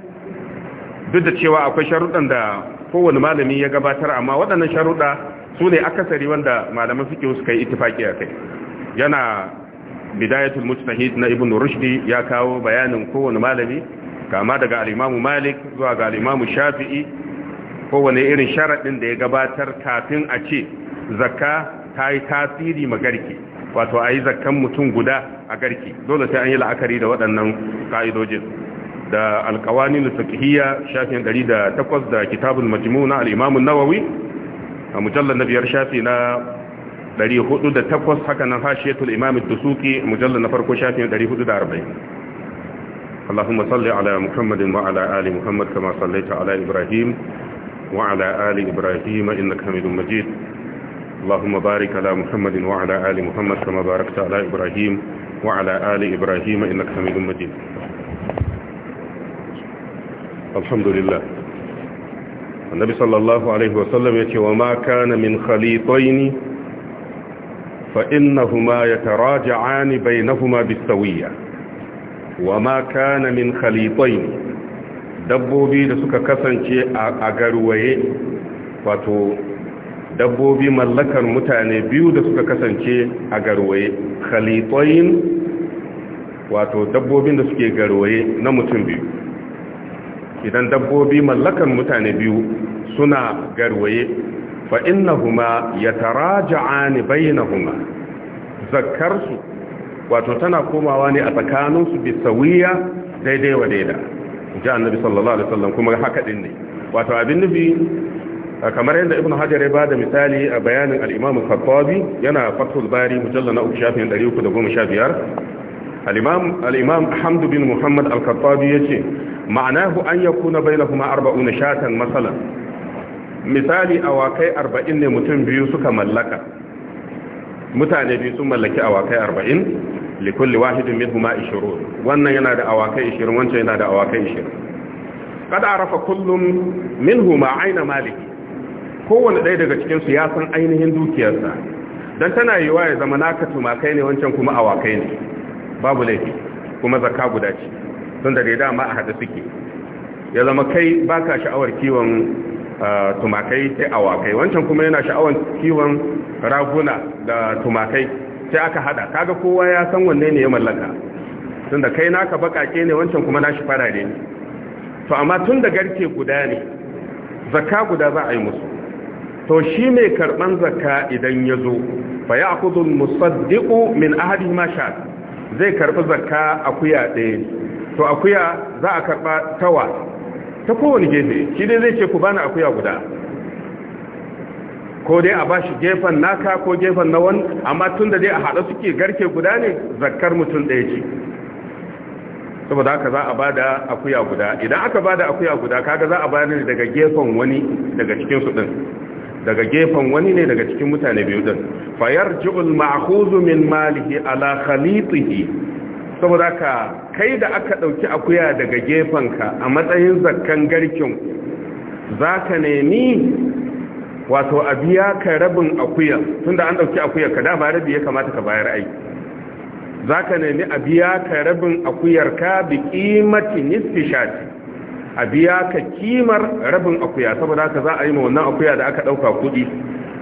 Speaker 1: duk da cewa akwai sharuɗan da kowane malami ya gabatar amma waɗannan sharuɗa su ne akasari wanda malaman suke suka yi itifaki a kai yana bidayatul mustahid na ibn rushdi ya kawo bayanin kowane malami kama daga al malik zuwa ga al-imamu shafi'i kowane irin sharaɗin da ya gabatar kafin a ce zakka ta yi tasiri ma garke wato a yi zakkan mutum guda a garki, dole sai an yi la'akari da waɗannan ƙa'idojin da alƙawani na fiqhiyya shafin 108 da kitabul majmu' na al-imam nawawi a mujallar na biyar shafi na 408 haka nan hashiyatul imam ad a mujallar na farko shafin 440 اللهم صل على محمد وعلى آل محمد كما صليت على إبراهيم وعلى آل إبراهيم إنك حميد مجيد اللهم بارك على محمد وعلى آل محمد كما باركت على إبراهيم وعلى آل إبراهيم إنك حميد مجيد الحمد لله النبي صلى الله عليه وسلم يتي وما كان من خليطين فإنهما يتراجعان بينهما بالسوية وما كان من خليطين dabbobi da suka kasance a garwaye wato dabbobi mallakar mutane biyu da suka kasance a garwaye khalitoyin wato dabbobin da suke garwaye na mutum biyu idan dabbobi mallakar mutane biyu suna garwaye fa innahuma yataraja'ani bainahuma zakkarsu wato tana komawa ne a tsakaninsu bisawiya daidai wa daidai ji annabi sallallahu alaihi wasallam kuma haka din ne wato abin nufi kamar yadda ibnu hajar ya bada misali a bayanin al-imam al-khattabi yana fathul bari mujallal na uku shafin 315 al-imam al-imam ahmad bin muhammad al-khattabi yace ma'anahu an yakuna bainahuma 40 shatan masalan misali awakai 40 ne mutum biyu suka mallaka mutane biyu sun mallaki awakai 40 likulli wahidin minhuma 20 wannan yana da awakai 20 wancan yana da awakai 20 kada arafa kullum minhuma aina maliki kowanne ɗaya daga cikin su ya san ainihin dukiyarsa dan tana yiwa ya zama naka tumakai ne wancan kuma awakai ne babu laifi kuma zakka guda ce tun da dai dama a hada suke ya zama kai baka sha'awar kiwon ah, tumakai sai awakai wancan kuma yana sha'awar kiwon raguna da tumakai sai aka hada kaga kowa ya san wanne ne ya mallaka tunda kai naka bakake ne wancan kuma nashi farare ne to amma tun da garke guda ne zakka guda za a yi musu to shi mai karban zakka idan ya zo fa ya akudu musaddiqu min ahadi ma sha zai karbi zakka akuya ɗaya to akuya za a karba tawa ta kowane gefe shi dai zai ce ku bani akuya guda ko dai a ba shi gefen naka ko gefen na wani amma tun da dai a haɗa suke garke guda ne zakkar mutum ɗaya ce saboda haka za a ba da akuya guda idan aka ba da akuya guda kaga za a ba ne daga gefen wani daga cikin su ɗin daga gefen wani ne daga cikin mutane biyu ɗin fayar ji'ul ma'ahuzu min malihi ala khalitihi saboda ka kai da aka ɗauki akuya daga gefen ka a matsayin zakkan garkin za ka nemi wato a biya ka rabin akuya tunda an ɗauki akuya ka da ba rabi ya kamata ka bayar ai zaka nemi a biya ka rabin akuyar ka bi qimati nisfi shati a biya ka kimar rabin akuya saboda ka za a yi ma wannan akuya da aka dauka kuɗi.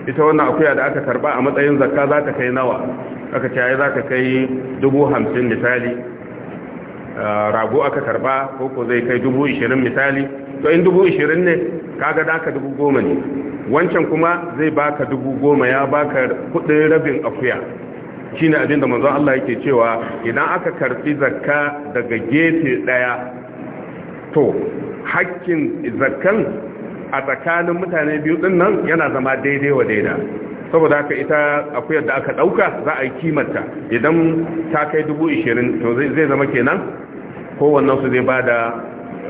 Speaker 1: ita wannan akuya da aka karba a matsayin zakka za ta kai nawa aka ce za ka kai dubu hamsin misali ah, rago aka karba ko ko zai kai dubu ishirin misali to in dubu ishirin ne kaga daka dubu goma ne wancan kuma zai baka dubu goma ya baka kudin rabin akuya shine ne abinda manzon Allah yake cewa idan aka karfi zakka daga gefe daya to hakkin zakkan a tsakanin mutane biyu din nan yana zama daidai wa daida saboda haka ita akuyar da aka dauka za a yi kimanta idan ta kai ishirin to zai zama kenan kowannen su zai bada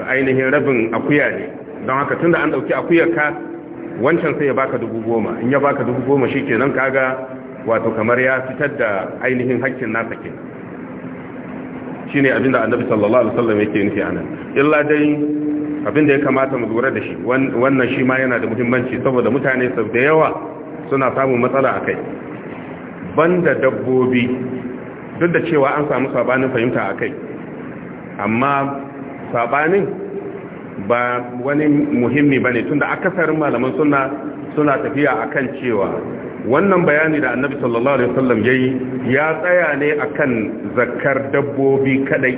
Speaker 1: ainihin rabin akuya ne don haka tunda an ɗauki akuyar ka wancan sai ya baka dubu goma in ya baka dubu goma shi ke nan kaga wato kamar ya fitar da ainihin hakkin nasa ke shi ne abinda annabi sallallahu alaihi wasallam yake nufi anan illa dai abinda ya kamata mu lura da shi wannan shi ma yana da muhimmanci saboda mutane sau da yawa suna samun matsala akai banda dabbobi duk da cewa an samu sabanin fahimta akai amma sabanin ba wani muhimmi ba ne tunda akasarin malaman suna suna tafiya akan cewa wannan bayani da annabi sallallahu alaihi wasallam yi ya tsaya ne akan zakar dabbobi kadai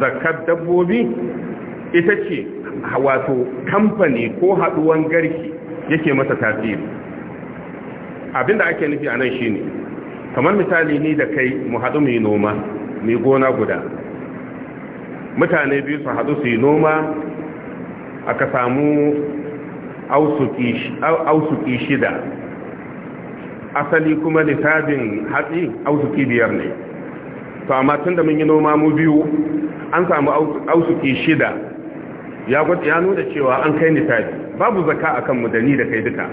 Speaker 1: zakar dabbobi ita ce wato kamfani ko haɗuwan garki yake mata tasiri abinda ake nufi anan shine kamar misali ni da kai mu haɗu mu yi noma mu gona guda mutane biyu su haɗu su yi noma aka samu ausuki shida asali kuma littafin hatsi ausuki biyar ne to amma tun da mun yi noma mu biyu an samu ausuki shida ya nuna cewa an kai littafi babu zaka a kan da ni da kai duka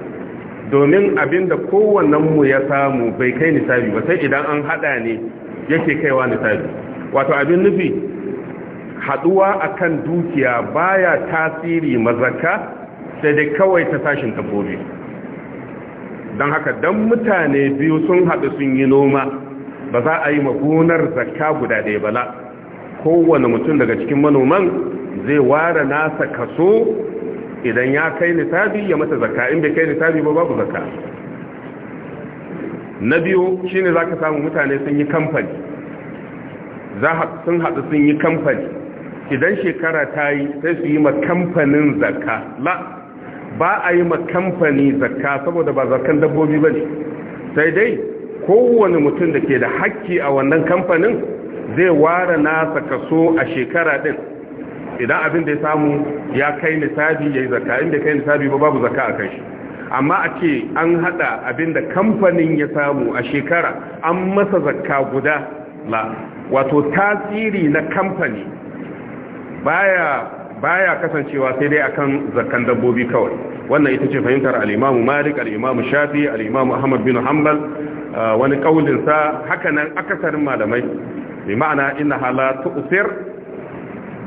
Speaker 1: domin abin da kowannenmu ya samu bai kai nisabi ba sai idan an haɗa ne yake kaiwa nisabi wato abin nufi haduwa akan dukiya baya tasiri mazaka sai dai kawai ta tashin dabbobi don haka dan mutane biyu sun hadu sun yi noma ba za a yi magunar zakka guda ɗaya bala kowane mutum daga cikin manoman zai ware nasa kaso idan ya kai nisabi ya mata zakka in bai kai nisabi ba babu zakka na biyu shine zaka samu mutane sun yi kamfani sun haɗu sun yi kamfani idan shekara ta yi sai su yi ma kamfanin zakka la ba a yi ma kamfani zakka saboda ba zakkan dabbobi ba ne sai dai kowane mutum da ke da hakki a wannan kamfanin zai ware nasa kaso a shekara ɗin. idan abin da ya samu ya kai nisabi ya yi zakka inda kai nisabi ba babu zakka a kan shi amma a ce an haɗa abin da kamfanin ya samu a shekara an masa zakka guda la wato tasiri na kamfani baya baya kasancewa sai dai akan zakkan dabbobi kawai wannan ita ce fahimtar al-Imam Malik al-Imam Shafi al-Imam Ahmad bin Hanbal uh, wani kaulin sa haka nan akasarin malamai bi ma'ana inna hala tu'sir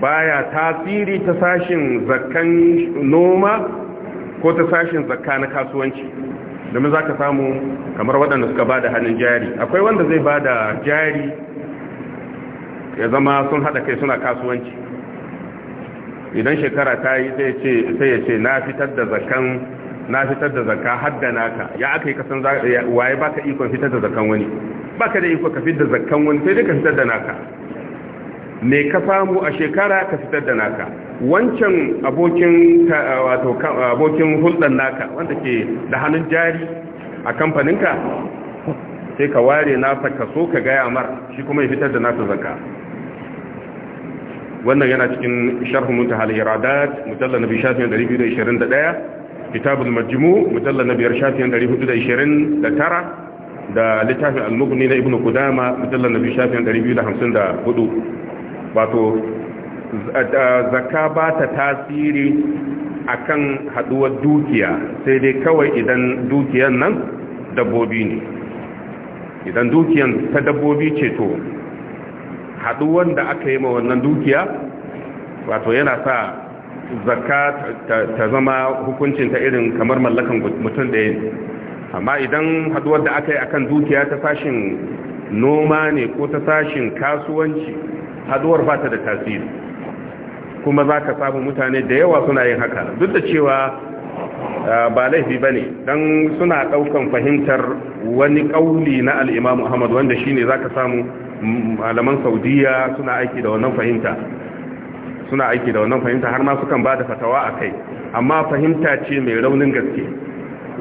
Speaker 1: baya tasiri ta sashin zakkan noma ko ta sashin zakka na kasuwanci domin zaka samu kamar waɗanda suka bada hannun jari akwai wanda zai bada jari ya zama sun hada kai suna kasuwanci idan shekara ta yi sai ya ce na fitar da zakan na fitar da zakka haddana ka ya aka yi kasan waye baka ikon fitar da zakan wani baka da iko ka fitar da zakan wani sai dai ka fitar da naka me ka samu a shekara ka fitar da naka wancan abokin wato abokin hulɗar naka wanda ke da hannun jari a kamfaninka sai ka ware na ka so ka gaya mar shi kuma ya fitar da nasa zakka wannan yana cikin sharh muntahal iradat mujallal nabi shafin 221 kitabul majmu mujallal nabi shafin 429 da littafin al-mughni na ibnu qudama mujallal nabi shafin 254 wato zakka ba ta tasiri akan haduwar dukiya sai dai kawai idan dukiyan nan dabbobi ne idan dukiyan ta dabbobi ce to Haɗuwar da aka yi ma wannan dukiya wato yana sa zakka ta zama hukuncin ta irin kamar mallakan mutum da yin amma idan haduwar da aka yi akan dukiya ta sashin noma ne ko ta sashin kasuwanci haduwar ba ta da tasiri kuma za ka samu mutane da yawa suna yin haka duk da cewa ba laifi ba ne don suna ɗaukan fahimtar wani ƙauli na al'imamu ahmad wanda shi ne za ka samu malaman saudiya suna aiki da wannan fahimta suna aiki da wannan fahimta har ma sukan ba da fatawa a kai amma fahimta ce mai raunin gaske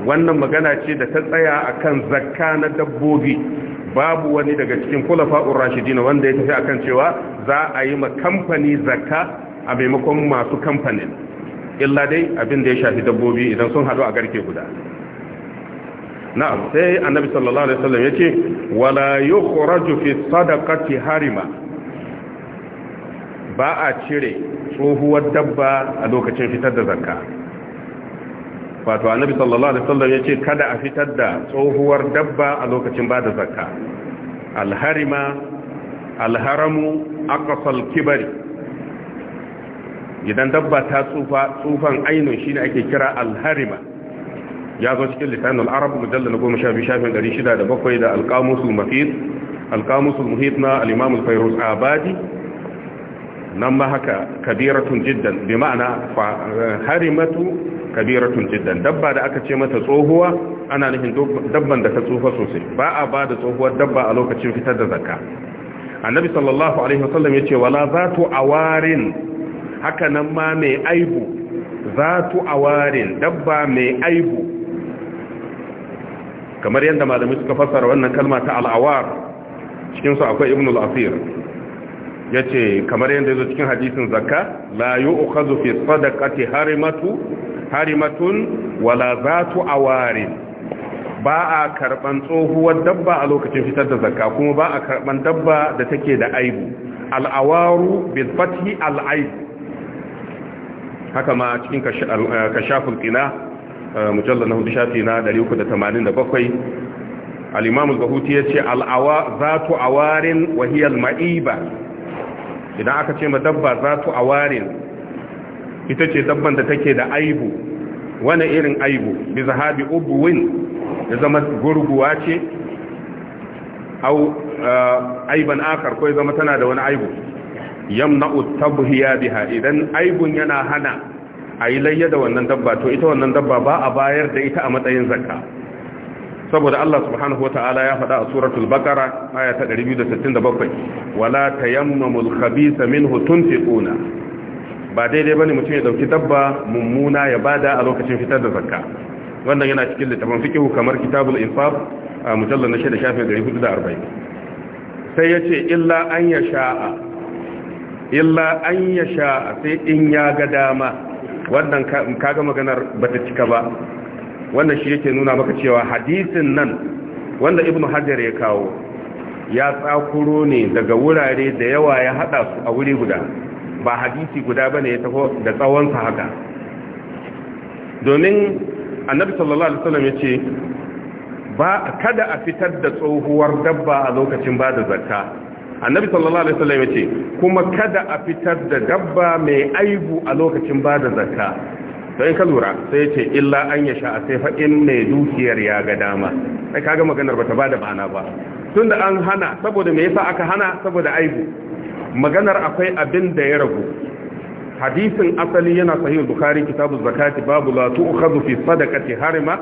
Speaker 1: wannan magana ce da ta tsaya a kan zakka na dabbobi babu wani daga cikin kulafa'ur rashidina wanda ya tafi a kan cewa za a yi ma kamfani zakka a maimakon masu kamfanin illa dai abin da ya shafi dabbobi idan sun haɗu a garke guda na'am sai annabi sallallahu alaihi wasallam yace wala yukhraju fi sadaqati harima ba a cire tsohuwar dabba a lokacin fitar da zakka wato annabi sallallahu alaihi wasallam yace kada a fitar da tsohuwar dabba a lokacin bada zakka alharima alharamu aqsal kibari idan dabba ta tsufa tsufan ainun shine ake kira alharima ya zo cikin lisan al-arab mujallal na goma sha biyu shafin ɗari shida da bakwai da alƙamusul mafis alƙamusul muhit na al fairuz abadi nan ma haka kabiratun jiddan bi ma'ana harimatu kabiratun jiddan dabba da aka ce mata tsohuwa ana nufin dabban da ta tsufa sosai ba a ba da tsohuwar dabba a lokacin fitar da zakka annabi sallallahu alaihi wasallam ce wala zatu awarin haka nan ma mai aibu zatu awarin dabba mai aibu kamar yadda malamai suka fassara wannan kalma ta al'awar cikinsu akwai ibn al'asir ya ce kamar yadda ya zo cikin hadisin zakka la yi ukazu fi sadakati harimatun wala za tu awari ba a karban tsohuwar dabba a lokacin fitar da zakka kuma ba a karban dabba da take da aibu al'awaru bil fathi alaib haka ma cikin kashafin tsina mujallar na hudu shafi na 387 al'imamu bahuti ya ce al'awa za tu warin wahiyar ma'iba idan aka ce ma dabba za tu warin. ita ce dabban da take da aibu wani irin aibu bi zahabi ubuwin ya zama gurguwa ce au aiban akar ko ya zama tana da wani aibu yamna'u tabhiya biha idan aibun yana hana a yi layya da wannan dabba to ita wannan dabba ba a bayar da ita a matsayin zakka saboda Allah subhanahu wata'ala ya faɗa a suratul baqara aya ta 267 wala tayammamul khabitha minhu tunfiquna ba daidai bane mutum ya dauki dabba mummuna ya bada a lokacin fitar da zakka wannan yana cikin littafin fiqh kamar kitabul infaq a mujallal na 6 shafi 440 sai yace illa an yasha illa an yasha sai in ya ga dama wannan kaga maganar bata cika ba wannan shi yake nuna maka cewa hadisin nan wanda ibnu hajar ya kawo ya tsakuro ne daga wurare da yawa ya hada su a wuri guda ba hadisi guda bane ya tafi da tsawonsa haka domin annabi sallallahu alaihi wasallam yace ba kada a fitar da tsohuwar dabba a lokacin bada zakka annabi sallallahu alaihi wasallam yace kuma kada a fitar da dabba mai aibu a lokacin bada zakka sai ka lura sai yace illa an yasha sai fa in mai dukiyar ya ga dama sai kaga maganar bata bada ma'ana ba tunda an hana saboda me yasa aka hana saboda aibu maganar akwai abin da ya ragu hadisin asali yana sahih bukhari kitabu zakati babu la tu'khadhu fi sadaqati harima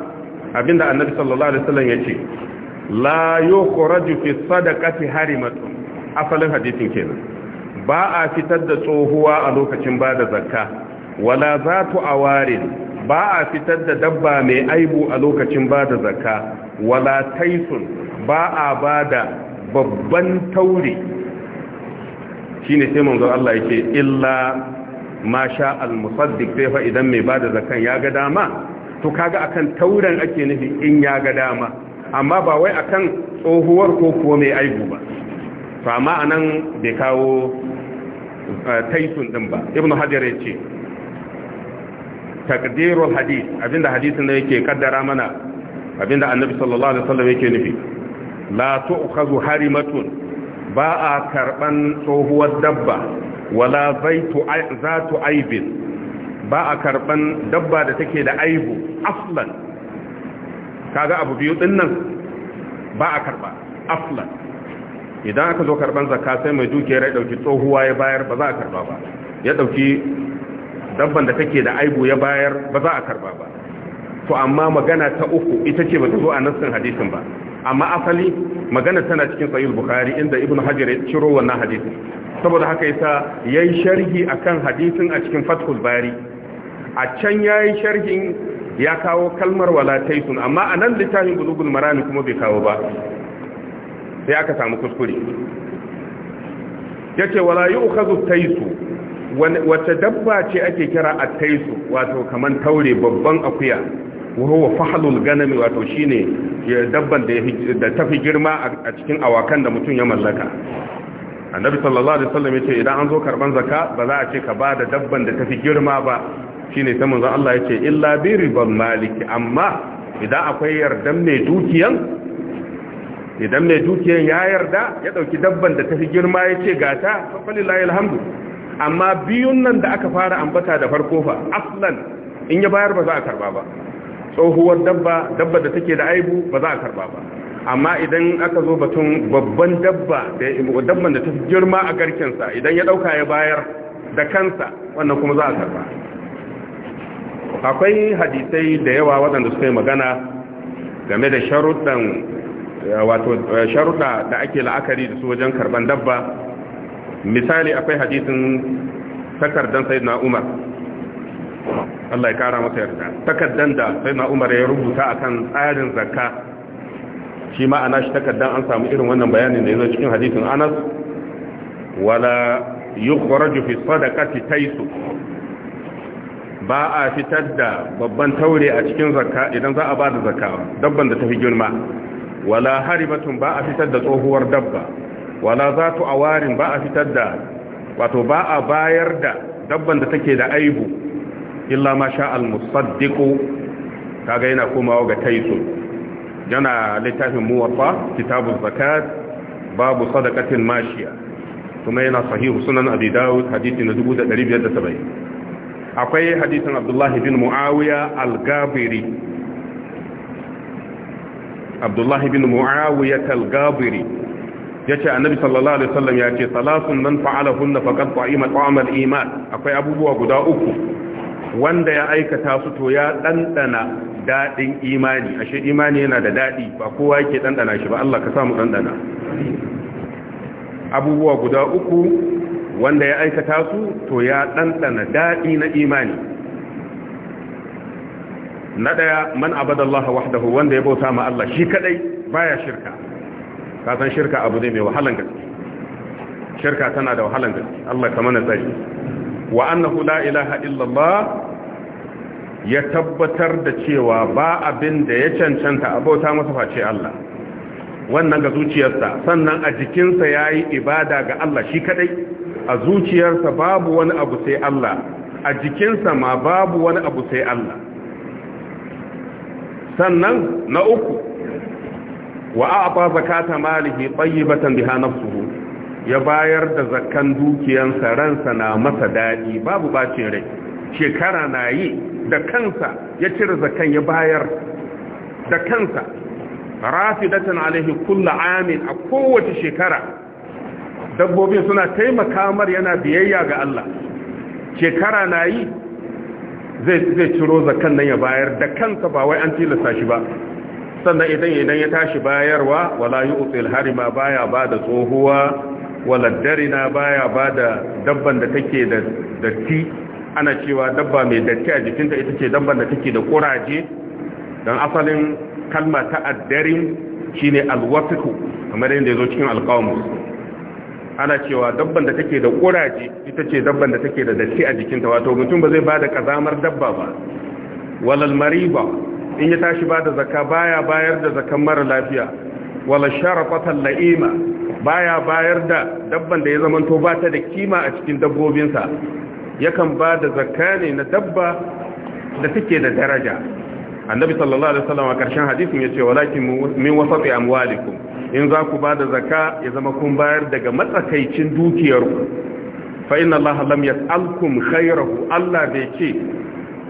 Speaker 1: abinda annabi sallallahu alaihi wasallam yace la yukhraju fi sadaqati harimatun asalin hadisin kenan ba a fitar da tsohuwa a lokacin ba da zakka wala za tu awarin ba a fitar da dabba mai aibu a lokacin ba da zakka wala taisun ba a ba da babban taure shi ne sai manzo Allah yake illa ma sha al-musaddiq sai fa idan mai ba da zakan ya ga dama to kaga akan tauren ake nufi in ya ga dama amma ba wai akan tsohuwar ko kuwa mai aibu ba to amma nan bai kawo eh, taitun ɗin ba ibnu hajar yace takdirul hadith abinda hadisin da yake kaddara mana abinda annabi sallallahu alaihi wasallam yake nufi la tu'khadhu harimatun ba a karban tsohuwar dabba wala zaitu zatu aibin ba a karban dabba da take da aibu aslan kaga abu biyu dinnan ba a karba aslan idan aka zo karban zakka sai mai dukiyar ya dauki tsohuwa ya bayar ba za a karba ba ya dauki dabban da take da aibu ya bayar ba za a karba ba to amma magana ta uku ita ce bata zo a nassin hadisin ba amma asali magana tana cikin sahih bukhari inda ibnu hajar ya ciro wannan hadisi saboda haka yasa yayi sharhi akan hadisin a cikin fathul bari a can yayi sharhin ya kawo kalmar wala taisun amma anan littafin bulugul marani kuma bai kawo ba sai aka samu kuskure yace wala yu'khadhu taisu wata dabba ce ake kira at-taisu wato kaman taure babban akuya wa fahlul ganami wato shine dabban da tafi girma a cikin awakan da mutum ya mallaka annabi sallallahu alaihi wasallam yace idan an zo karban zaka ba za a ce ka ba da dabban da tafi girma ba shine sai manzo Allah yace illa bi ribal malik amma idan akwai yardan mai dukiyan idan mai dukiyar ya yarda ya dauki dabban da tafi girma ya ce gata falilahi alhamdu amma biyun nan da aka fara ambata da farko fa aslan in ya bayar ba za a karba ba tsohuwar dabba dabba da take da aibu ba za a karba ba amma idan aka zo batun babban dabba da dabban da tafi girma a garkensa idan ya dauka ya bayar da kansa wannan kuma za a karba akwai hadisai da yawa waɗanda suka yi magana game da sharuɗan wato sharuɗa da ake la'akari da su wajen karban dabba misali akwai hadisin takardan sayyidina Umar Allah ya kara masa yarda takardan da sayyidina Umar ya rubuta akan tsarin zakka shi ma shi takardan an samu irin wannan bayanin da yazo cikin hadisin Anas wala yukhraju fi sadaqati taysu ba a fitar da babban taure a cikin zakka idan za a ba da zakka dabban da tafi girma wala haribatun ba a fitar da tsohuwar dabba wala za tu warin ba a fitar da wato ba a bayar da dabban da take da aibu illa ma al-musaddiqu kaga yana komawa ga taisu yana littafin muwaffa kitabuz zakat babu sadaqatin mashiya kuma yana sahihu sunan abi dawud hadisi na 1570 akwai hadisin abdullahi bin muawiya al-gabiri abdullahi bin mu'awiyatal al-gabiri yace annabi sallallahu alaihi wasallam yace salatun man fa'alahunna faqad ta'ima ta'amal iman akwai abubuwa guda uku wanda ya aikata su to ya dandana dadin imani ashe imani yana da dadi ba kowa yake dandana shi ba Allah ka samu dandana abubuwa guda uku wanda ya aikata su to ya dandana dadi na imani na daya man abadallaha wahdahu wanda ya bauta ma Allah shi kadai baya shirka ka san shirka abu ne mai wahalan gaske shirka tana da wahalan gaske Allah ka mana tsari wa annahu la ilaha illallah ya tabbatar da cewa ba abin da ya cancanta a bauta masa face Allah wannan ga zuciyarsa sannan a jikinsa yayi ibada ga Allah shi kadai a zuciyarsa babu wani abu sai Allah a jikinsa ma babu wani abu sai Allah sannan na uku wa a'ta zakata malihi tayyibatan biha nafsuhu ya bayar da zakkan dukiyansa ransa na masa daɗi, babu bacin rai shekara na yi da kansa ya cire zakkan ya bayar da kansa rafidatan alaihi kullu amin a kowace shekara dabbobin suna taimaka mar yana biyayya ga Allah shekara na yi zai ciro zakan nan ya bayar da kansa ba wai an tilasta shi ba sannan idan idan ya tashi bayarwa wala yu'til harima baya ba da tsohuwa wala darina baya ba da dabban da take da datti ana cewa dabba mai datti a jikinta ita ce dabban da take da kuraje don asalin kalma ta addarin shine alwafiku kamar yadda ya zo cikin alqawm ana cewa dabban da take da kuraje ita ce dabban da take da datti a jikinta wato mutum ba zai ba da kazamar dabba ba walal mariba in ya tashi ba da zakka baya bayar da zakan mara lafiya wala sharafatan la'ima baya bayar da dabban da ya zamanto ba ta da kima a cikin dabbobinsa yakan ba da zakka ne na dabba da take da daraja annabi sallallahu alaihi wasallam a karshen hadisin yace walakin min wasati amwalikum in za ku bada zakka ya zama kun bayar daga matsakaicin dukiyarku fa inna allaha lam yas'alkum khayrahu allah bai ce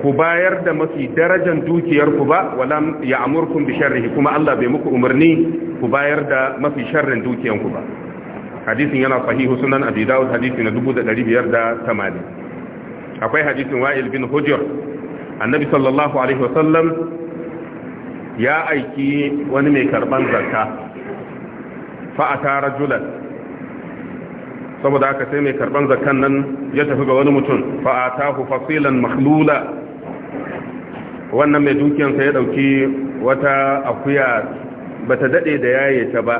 Speaker 1: ku bayar da mafi darajan dukiyarku ba wala ya'murkum bi sharrihi kuma allah bai muku umarni ku bayar da mafi sharrin dukiyarku ba hadisin yana sahihu sunan abi dawud hadisi na 1580 akwai hadisin wa'il bin hujr annabi sallallahu alaihi wasallam ya aiki wani mai karban zakka fa'ata rajulan saboda aka sai mai karban zakkan nan ya tafi ga wani mutum fa'ata fasilan makhlula wannan mai dukiyansa ya dauki wata akuya ba ta daɗe da yaye ta ba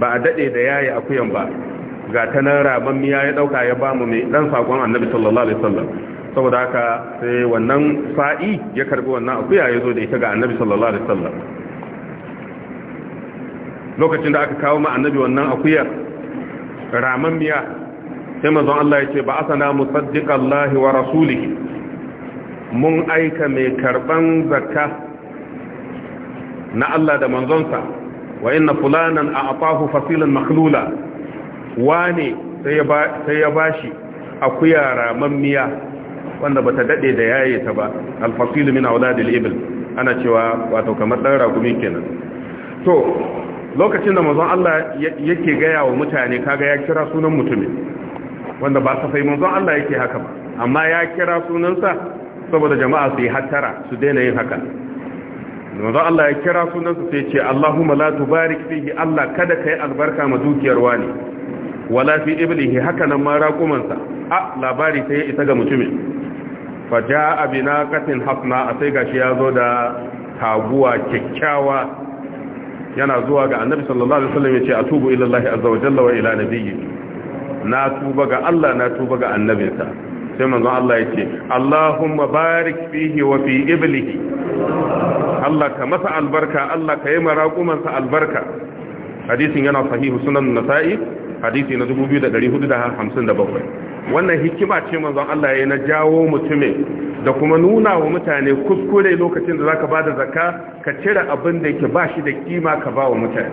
Speaker 1: ba a daɗe da yaye akuyan ba ga ta nan rabon miya ya ɗauka ya ba mu mai ɗan saƙon annabi sallallahu alaihi wasallam saboda haka sai wannan sa'i ya karbi wannan akuya ya zo da ita ga annabi sallallahu alaihi wasallam lokacin da aka kawo ma annabi wannan akuya raman miya sai mazan Allah ya ce ba asana mu lahi wa rasulihi mun aika mai karban zakka na Allah da manzonsa wa inna fulanan a afahu fasilan makhlula wane sai ya bashi akuya raman miya wanda bata dade da yaye ta ba alfasil min auladil ibl ana cewa wato kamar dan ragumi kenan to lokacin da manzon Allah yake gaya wa mutane kaga ya kira sunan mutumin wanda ba safai manzon Allah yake haka ba amma ya kira sunansa saboda jama'a su yi hattara su daina yin haka manzon Allah ya kira sa sai ce Allahumma la tubarik fihi Allah kada kai albarka ma dukiyar wani wala fi iblihi haka nan ma raƙumansa a labari sai yi isa ga mutumin faja abina katin hasna a sai gashi ya zo da taguwa kyakkyawa yana zuwa ga annabi sallallahu alaihi wasallam ya ce atubu ila Allah azza wa jalla wa ila nabiyyi na tuba ga Allah na tuba ga annabinsa sai manzon Allah ya ce Allahumma barik fihi wa fi iblihi Allah ka masa albarka Allah ka yi maraƙumansa albarka hadisin yana sahihu sunan nasa'i hadisi na 2457 wannan hikima ce manzon Allah ya na jawo mutumin da kuma nuna wa mutane kuskure lokacin da zaka bada zakka ka cire abin da yake bashi da kima ka ba wa mutane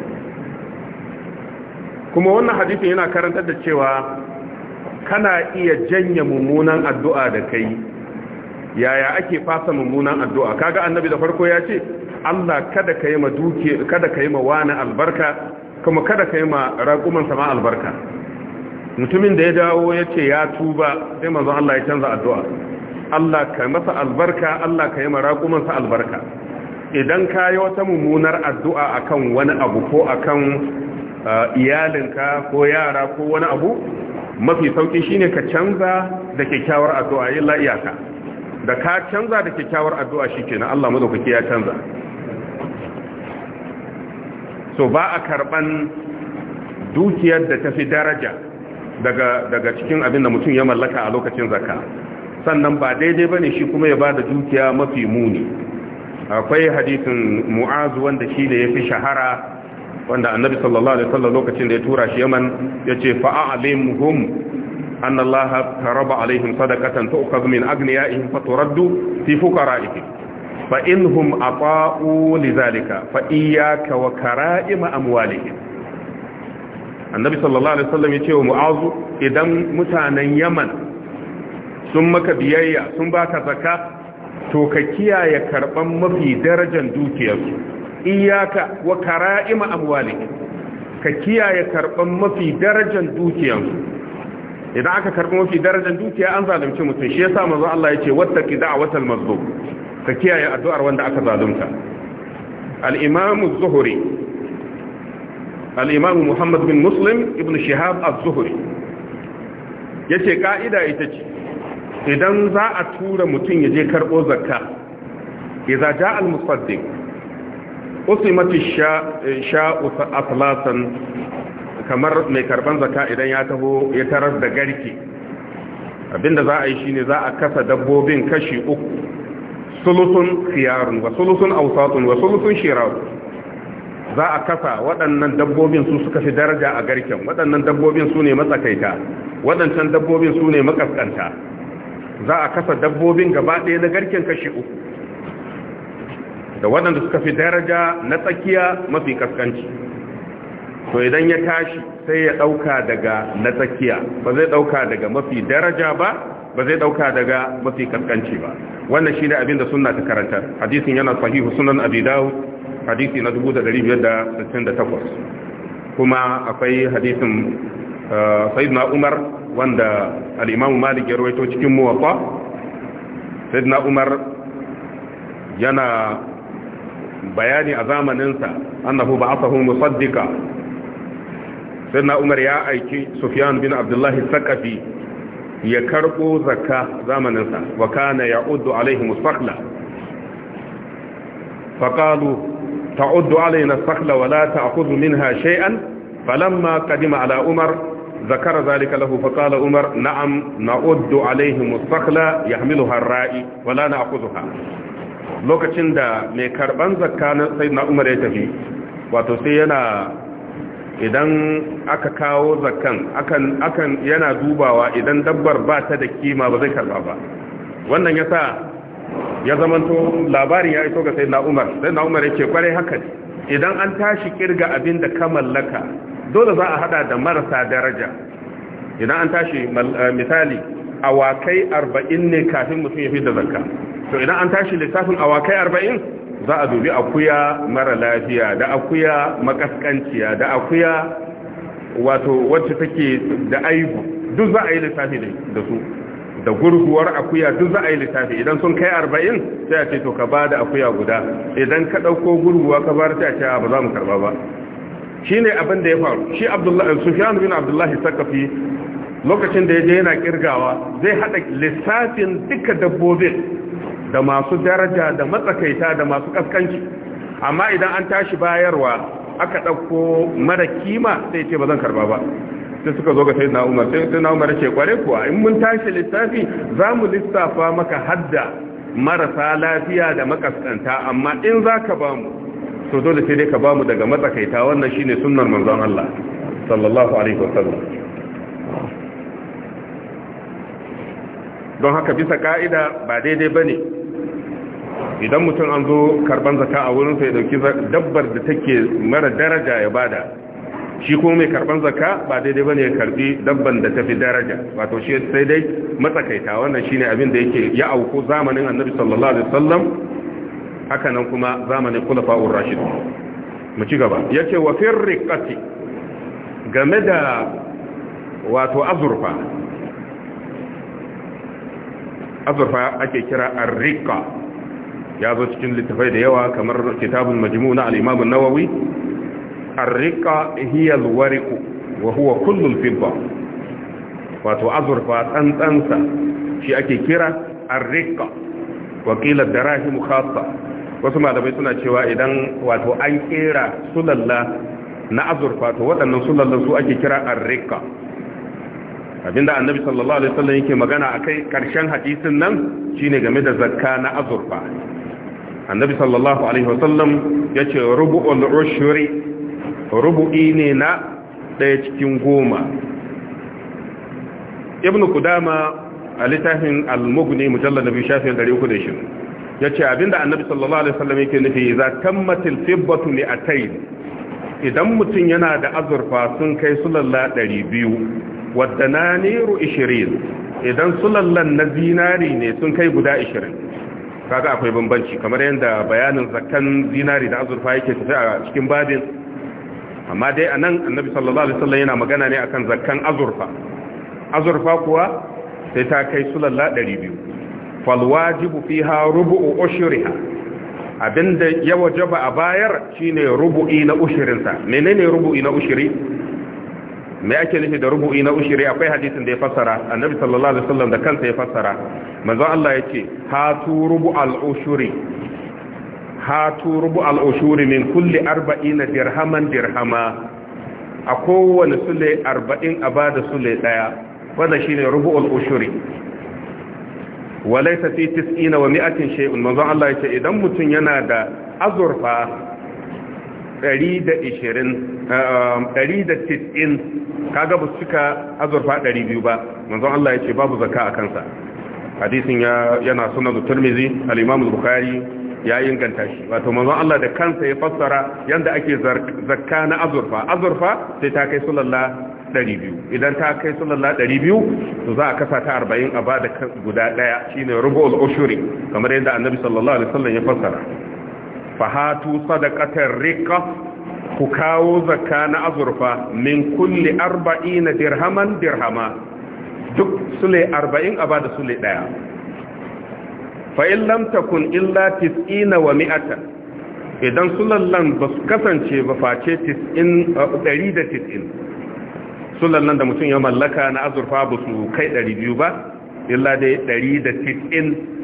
Speaker 1: kuma wannan hadisin yana karantar da cewa kana iya janye mummunan addu'a da kai yaya ake fasa mummunan addu'a kaga annabi da farko ya ce Allah kada ka yi ma duke kada ka yi ma wani albarka kuma kada ka yi ma raƙuman ma albarka mutumin da ya dawo ya ce ya tuba sai manzon Allah ya canza addu'a Allah ka masa albarka Allah ka yi ma raƙumansa albarka idan ka yi wata mummunar addu'a akan wani abu ko akan iyalinka ko yara ko wani abu mafi sauki shine ka canza da kyakkyawar addu'a yin iyaka da ka canza da kyakkyawar addu'a shi shikenan Allah madaukaki ya canza so ba a karban dukiyar da ta fi daraja daga cikin abin da mutum ya mallaka a lokacin zaka sannan ba daidai ba ne shi kuma ya ba da dukiya mafi muni akwai hadisin mu'azu wanda shi ne ya fi shahara wanda annabi sallallahu alaihi wasallam lokacin da ya tura shi Yaman yace fa'alimhum anna Allah taraba alaihim sadaqatan tu'khadhu min agniyaihim turaddu fi fuqara'ihim fa a aqa'u lidhalika fa iyyaka wa kara'im amwalihim annabi sallallahu alaihi wasallam ce wa mu'azu idan mutanen yaman sun maka biyayya sun baka zakka to ka kiyaye karɓar mafi darajar dukiyarsu iyyaka wa kara'im amwalihim ka kiyaye karɓar mafi darajar dukiyarsu idan aka karɓi mafi darajar dukiya an zalunci mutum shi ya yasa manzo Allah yace wattaqi da'watal mazlum ka kiyaye addu'ar wanda aka zalunta al-imam zuhri al-imam muhammad bin muslim ibn shihab az-zuhri yace ka'ida ita ce idan za a tura mutum ya je karbo zakka idza ja al-musaddiq usimati shau kamar mai karɓan zakka idan ya taho ya tarar da garki abinda za a yi shine za a kasa dabbobin kashi uku sulusun siyarun wa sulusun ausatun wa sulusun shirarun za a kasa waɗannan dabbobin su suka fi daraja a garken waɗannan dabbobin su ne matsakaita waɗancan dabbobin su ne makaskanta za a kasa dabbobin gaba ɗaya na garken kashi uku da waɗanda suka fi daraja na tsakiya mafi kaskanci to idan ya tashi sai ya ɗauka daga na tsakiya ba zai ɗauka daga mafi daraja ba ba zai dauka daga mafi kankanci ba wannan ne abin da suna ta karantar hadisin yana sahihu sunan abi dawo hadisi na takwas kuma akwai hadisin uh, sayyidina umar wanda alimamu malik ya rawaito cikin muwatta sayyidina umar yana bayani a zamaninsa annahu musaddika musaddiqa sayyidina umar ya aiki sufiyan bin abdullahi sakafi. ya karbo zakka zamaninsa wa kana ya'uddu alaihim sakhla faqalu ta'uddu alaina sakhla wa la ta'khudhu minha shay'an falamma qadima ala umar ذكر ذلك له فقال عمر نعم نعد عليهم الصخلة يحملها lokacin da نأخذها لوكتشن دا na كربان umar ya tafi wato sai yana. idan aka kawo zakan akan akan yana dubawa idan dabbar ba ta da kima ba zai karba ba wannan yasa ya zamanto labarin ya iso ga na Umar na Umar yake kware haka idan an tashi kirga abin da ka mallaka dole za a hada da marasa daraja idan an tashi eh, misali awakai 40 ne kafin mutum ya fi da zakka to idan an tashi lissafin awakai 40 za a dubi akuya mara lafiya da akuya makaskanciya da akuya wato wacce take da aibu duk za a yi lissafi da su da gurguwar akuya duk za a yi lissafi idan sun kai arba'in sai a ce to ka ba da akuya guda idan ka ɗauko gurguwa ka bar ta ce ba za mu karba ba shi ne abin da ya faru shi abdullahi sufyan bin abdullahi sakafi lokacin da ya je yana kirgawa zai haɗa lissafin duka dabbobin da masu daraja da matsakaita da masu kaskanci amma idan an tashi bayarwa aka ɗauko mara kima sai ce ba zan karba ba sai suka zo ga sai na umar sai na umar ce kware kuwa in mun tashi lissafi za mu lissafa maka hadda marasa lafiya da makaskanta amma in za ka ba mu to dole sai dai ka ba mu daga matsakaita wannan shine sunnar manzon Allah sallallahu alaihi wasallam don haka bisa ka'ida ba daidai ba ne idan mutum an zo karban zaka a wurinsa ya dauki dabbar da take mara daraja ya bada shi kuma mai karban zaka ba daidai ne ya karbi dabban da tafi daraja wato shi sai dai matsakaita wannan ne abin da yake ya auku zamanin annabi sallallahu alaihi wasallam haka nan kuma zamanin khulafa'ur rashid mu ci gaba yace wa firriqati game da wato azurfa azurfa ake kira arrika ya zo cikin littafai da yawa kamar kitabun majmu na al nawawi arrika hiya al wa huwa kullu al wato azurfa tsantsansa shi ake kira arrika wa da darahim khassa wasu malamai suna cewa idan wato an kera sulalla na azurfa to waɗannan sulallan su ake kira arrika abinda annabi sallallahu alaihi wasallam yake magana akai karshen hadisin nan shine game da zakka na azurfa annabi sallallahu alaihi wasallam yace rubu'ul ushri rubu'i ne na daya cikin goma ibn kudama a littafin al-mughni mujallad bi shafi 320 yace abinda annabi sallallahu alaihi wasallam yake nufi za tammatil fibbatu li atayn idan mutun yana da azurfa sun kai sulalla 200 wadda na ishirin idan sulallan na zinari ne sun kai guda ishirin kaga akwai bambanci kamar yadda bayanin zakan zinari da azurfa yake tafi a cikin badin amma dai a nan annabi sallallahu alaihi wasallam yana magana ne akan zakan azurfa azurfa kuwa sai ta kai sulalla 200 wajibu fiha rubu'u ushriha abinda ya wajaba a bayar shine rubu'i na ushirinsa menene rubu'i na ushiri me ake nufi da rubu'i na ushiri akwai hadisin da ya fassara annabi sallallahu alaihi wasallam da kansa ya fassara manzon Allah yace hatu rubu'al ushuri rubu rubu'al ushuri min kulli 40 dirhaman dirhama a kowane sule 40 a bada sule daya wanda shine rubu'al ushuri walaysa fi 90 wa 100 shay'un manzon Allah yace idan mutun yana da azurfa 190 kaga ba cika azurfa 200 ba manzon Allah ya ce babu zakka a kansa hadisin yana sunan turmizi al-imam bukhari ya inganta shi wato manzon Allah da kansa ya fassara yanda ake zakka na azurfa azurfa sai ta kai sallallahu 200 idan ta kai sallallahu 200 to za a kasa ta 40 a ba da guda daya shine rubu'ul ushuri kamar yadda annabi sallallahu alaihi wasallam ya fassara fahatu sadaqatar riqa ku kawo zakka na azurfa min kulli 40 dirhaman dirhama duk sule arba'in a bada sule ɗaya. fa in lam takun illa 90 wa 100 idan sulallan ba su kasance ba face 90 190 sulallan da mutum ya mallaka na azurfa ba su kai ɗari biyu ba illa dai 190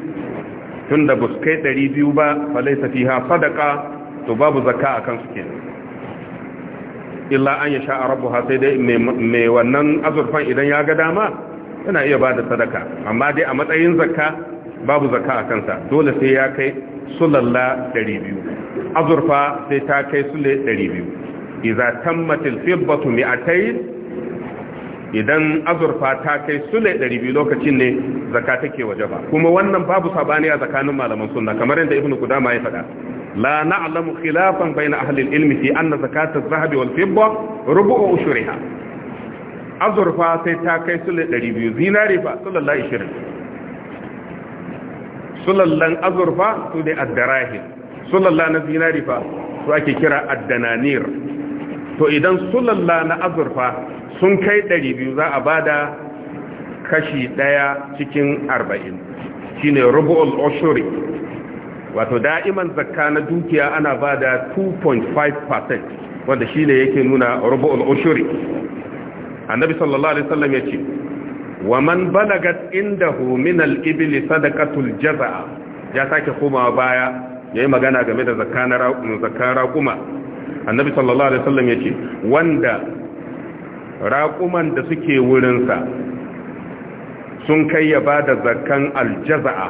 Speaker 1: tun da buskai 200 ba falaisa ha sadaka to babu zakka a su kenan illa an yasha rabbuha sai dai mai wannan azurfan idan ya ga dama yana iya bada sadaka amma dai a matsayin zakka babu zakka a kansa, dole sai ya kai sulalla 200 azurfa sai ta kai sulle 200 idza tammatil fibbatu mi'atayn idan azurfa ta kai sule 200 lokacin ne zakka take wajaba kuma wannan babu sabani a tsakanin malaman sunna kamar yadda ibnu qudama ya faɗa la na'lamu khilafan bayna ahli al-ilm fi anna zakata adh-dhahabi wal-fidda rubu'u ushriha azurfa sai ta kai sule 200 zinari fa sallallahu 20 sulallan azurfa su ne addarahin sulalla na zinari fa su ake kira addananir to idan sulalla na azurfa sun kai ɗari biyu za a ba da kashi ɗaya cikin arba'in shine rubu'ul ushuri wato da'iman zakka na dukiya ana ba da 2.5% wanda shine yake nuna rubu'ul ushuri annabi sallallahu alaihi wasallam yace wa man balagat indahu min al-ibli sadaqatul jazaa ya sake komawa baya yayi magana game da zakka na zakka annabi sallallahu alaihi wasallam yace wanda raƙuman da suke wurinsa sun kai ya ba da zakan aljaza'a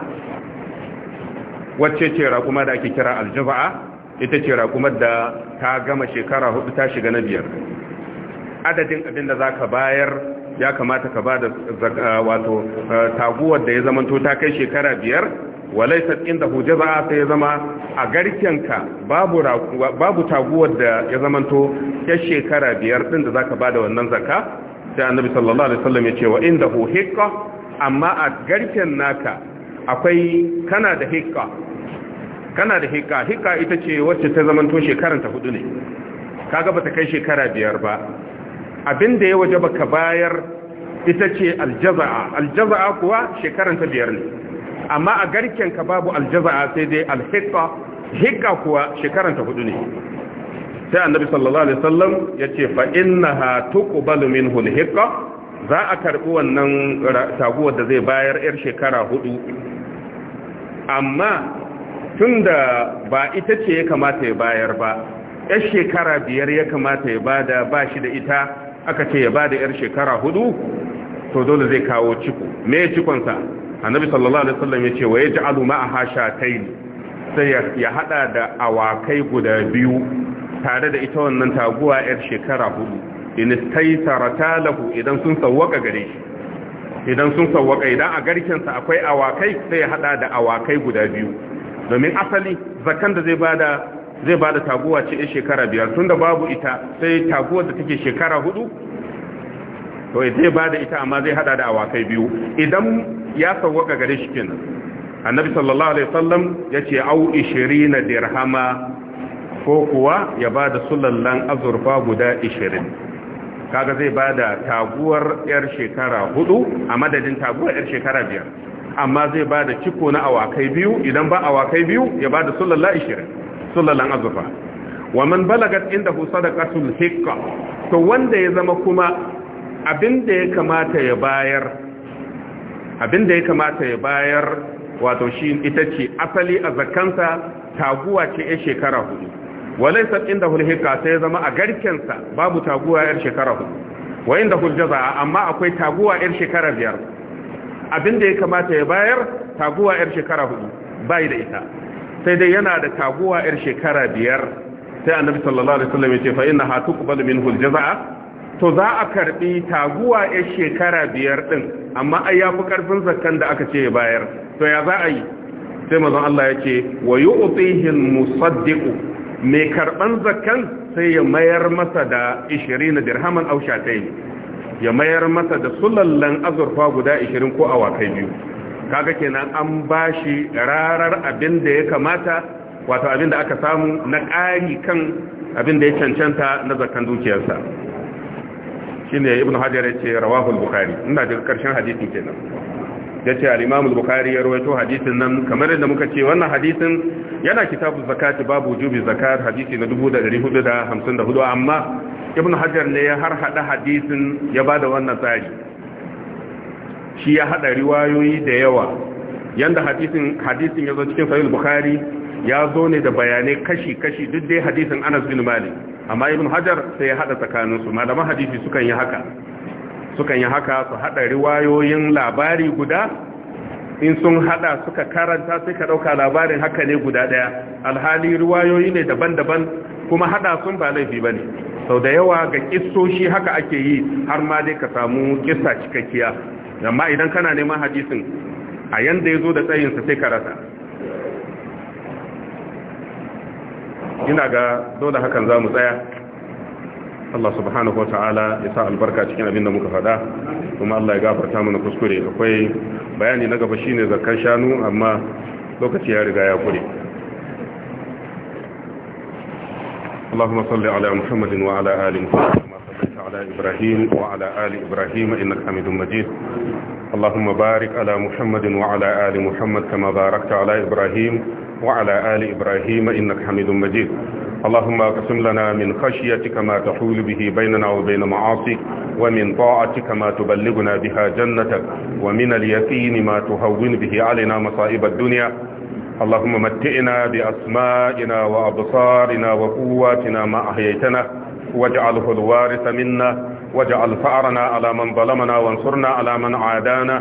Speaker 1: wacce ce raƙuma da ake kira aljaza'a ita ce raƙumar da ta gama shekara hudu ta shiga na biyar adadin abin da za ka bayar ya kamata ka ba da wato eh, taguwar da ya zamanto ta kai shekara biyar walaisat indahu jaza'a sai ya zama a garkenka babu babu taguwar da ya zamanto ya shekara biyar din da zaka bada wannan zakka sai annabi sallallahu alaihi wasallam ya ce wa indahu hiqqa amma a garken naka akwai kana da hiqqa kana da ita ce wacce ta zamanto shekaran ta hudu ne kaga bata kai shekara biyar ba abinda ya waje baka bayar ita ce aljaza'a aljaza'a kuwa shekaran ta biyar ne amma a garken ka babu aljaza'a sai dai alhiqa hiqa kuwa shekaran ta hudu ne sai annabi sallallahu alaihi wasallam yace fa innaha tuqbalu minhu alhiqa za a karbi wannan taguwar da zai bayar yar shekara hudu amma tunda ba ita ce ya kamata ya bayar ba yar shekara biyar ya kamata ya bada ba shi da ita aka ce ya bada yar shekara hudu to dole zai kawo ciko me cikonsa annabi sallallahu alaihi wasallam yace wa yaj'alu ma'aha shatayn sai ya hada da awakai guda biyu tare da ita wannan taguwa yar shekara hudu in taitara lahu idan sun sawwaka gare shi idan sun sawwaka idan a garken sa akwai awakai sai ya hada da awakai guda biyu domin asali zakan da zai bada zai bada taguwa ce shekara biyar tunda babu ita sai taguwar da take shekara hudu to zai ba da ita amma zai hada da awakai biyu idan ya sauwaka gare shi kenan annabi sallallahu alaihi wasallam yace au 20 dirhama ko kuwa ya ba da sulallan azurfa guda 20 kaga zai ba da taguwar yar shekara hudu a madadin taguwar yar shekara biyar amma zai ba da ciko na awakai biyu idan ba awakai biyu ya ba da sulallan 20 sulallan azurfa wa man balagat indahu sadaqatul hikka to wanda ya zama kuma abin da ya kamata ya bayar abin da ya kamata ya bayar wato shi ita ce asali a zakansa taguwa ce ya shekara hudu walai sabin inda hulhika sai zama a garkensa babu taguwa yar shekara hudu wayin da huljaza amma akwai taguwa yar shekara biyar abin da ya kamata ya bayar taguwa yar shekara hudu bai da ita sai dai yana da taguwa yar shekara biyar sai annabi sallallahu alaihi wasallam ya ce fa inna ha tuqbal minhu aljaza to za a karbi taguwa ya shekara biyar din amma ai fi karfin zakkan da aka ce ya bayar to ya za a yi sai mazan Allah ya ce wa yi al musaddiku mai karban zakkan sai ya mayar masa da 20 dirhaman ta yi, ya mayar masa da sulallan azurfa guda 20 ko awakai biyu kaga kenan an ba shi rarar abin da ya kamata wato abin da aka samu na ƙari kan abin da ya cancanta na zakkan dukiyarsa shine ibn hajar yace rawahul bukhari ina da karshen hadisin kenan yace al-imam al-bukhari ya rawaito hadisin nan kamar yadda muka ce wannan hadisin yana kitabu zakati babu wujubi zakat hadisi na hudu amma ibn hajar ne ya har hada hadisin ya bada wannan tsari shi ya hada riwayoyi da yawa yanda hadisin hadisin yazo cikin sahih al-bukhari ya zo ne da bayanai kashi kashi duk dai hadisin Anas bin Malik amma ibn hajar sai ya hada su malaman hadisi sukan yi haka sukan yi haka su hada riwayoyin labari guda in sun hada suka karanta sai ka dauka labarin haka ne guda daya alhali riwayoyi ne daban-daban kuma hada sun ba laifi bane sau da yawa ga kissoshi haka ake yi har ma dai ka samu kissa cikakkiya amma idan kana neman hadisin a yanda yazo da tsayinsa sai ka rasa ina ga dole hakan za mu tsaya Allah subhanahu wa ta'ala ya sa albarka cikin abin da muka faɗa kuma Allah ya gafarta mana kuskure akwai bayani na gaba shine zakkan shanu amma lokaci ya riga ya kure اللهم صل على محمد وعلى آل محمد كما صليت إبراهيم وعلى آل إبراهيم إنك حميد مجيد اللهم بارك على محمد وعلى آل محمد كما باركت على إبراهيم وعلى آل إبراهيم إنك حميد مجيد اللهم اقسم لنا من خشيتك ما تحول به بيننا وبين معاصيك ومن طاعتك ما تبلغنا بها جنتك ومن اليقين ما تهون به علينا مصائب الدنيا اللهم متئنا بأسمائنا وأبصارنا وقواتنا ما أحييتنا واجعله الوارث منا واجعل فأرنا على من ظلمنا وانصرنا على من عادانا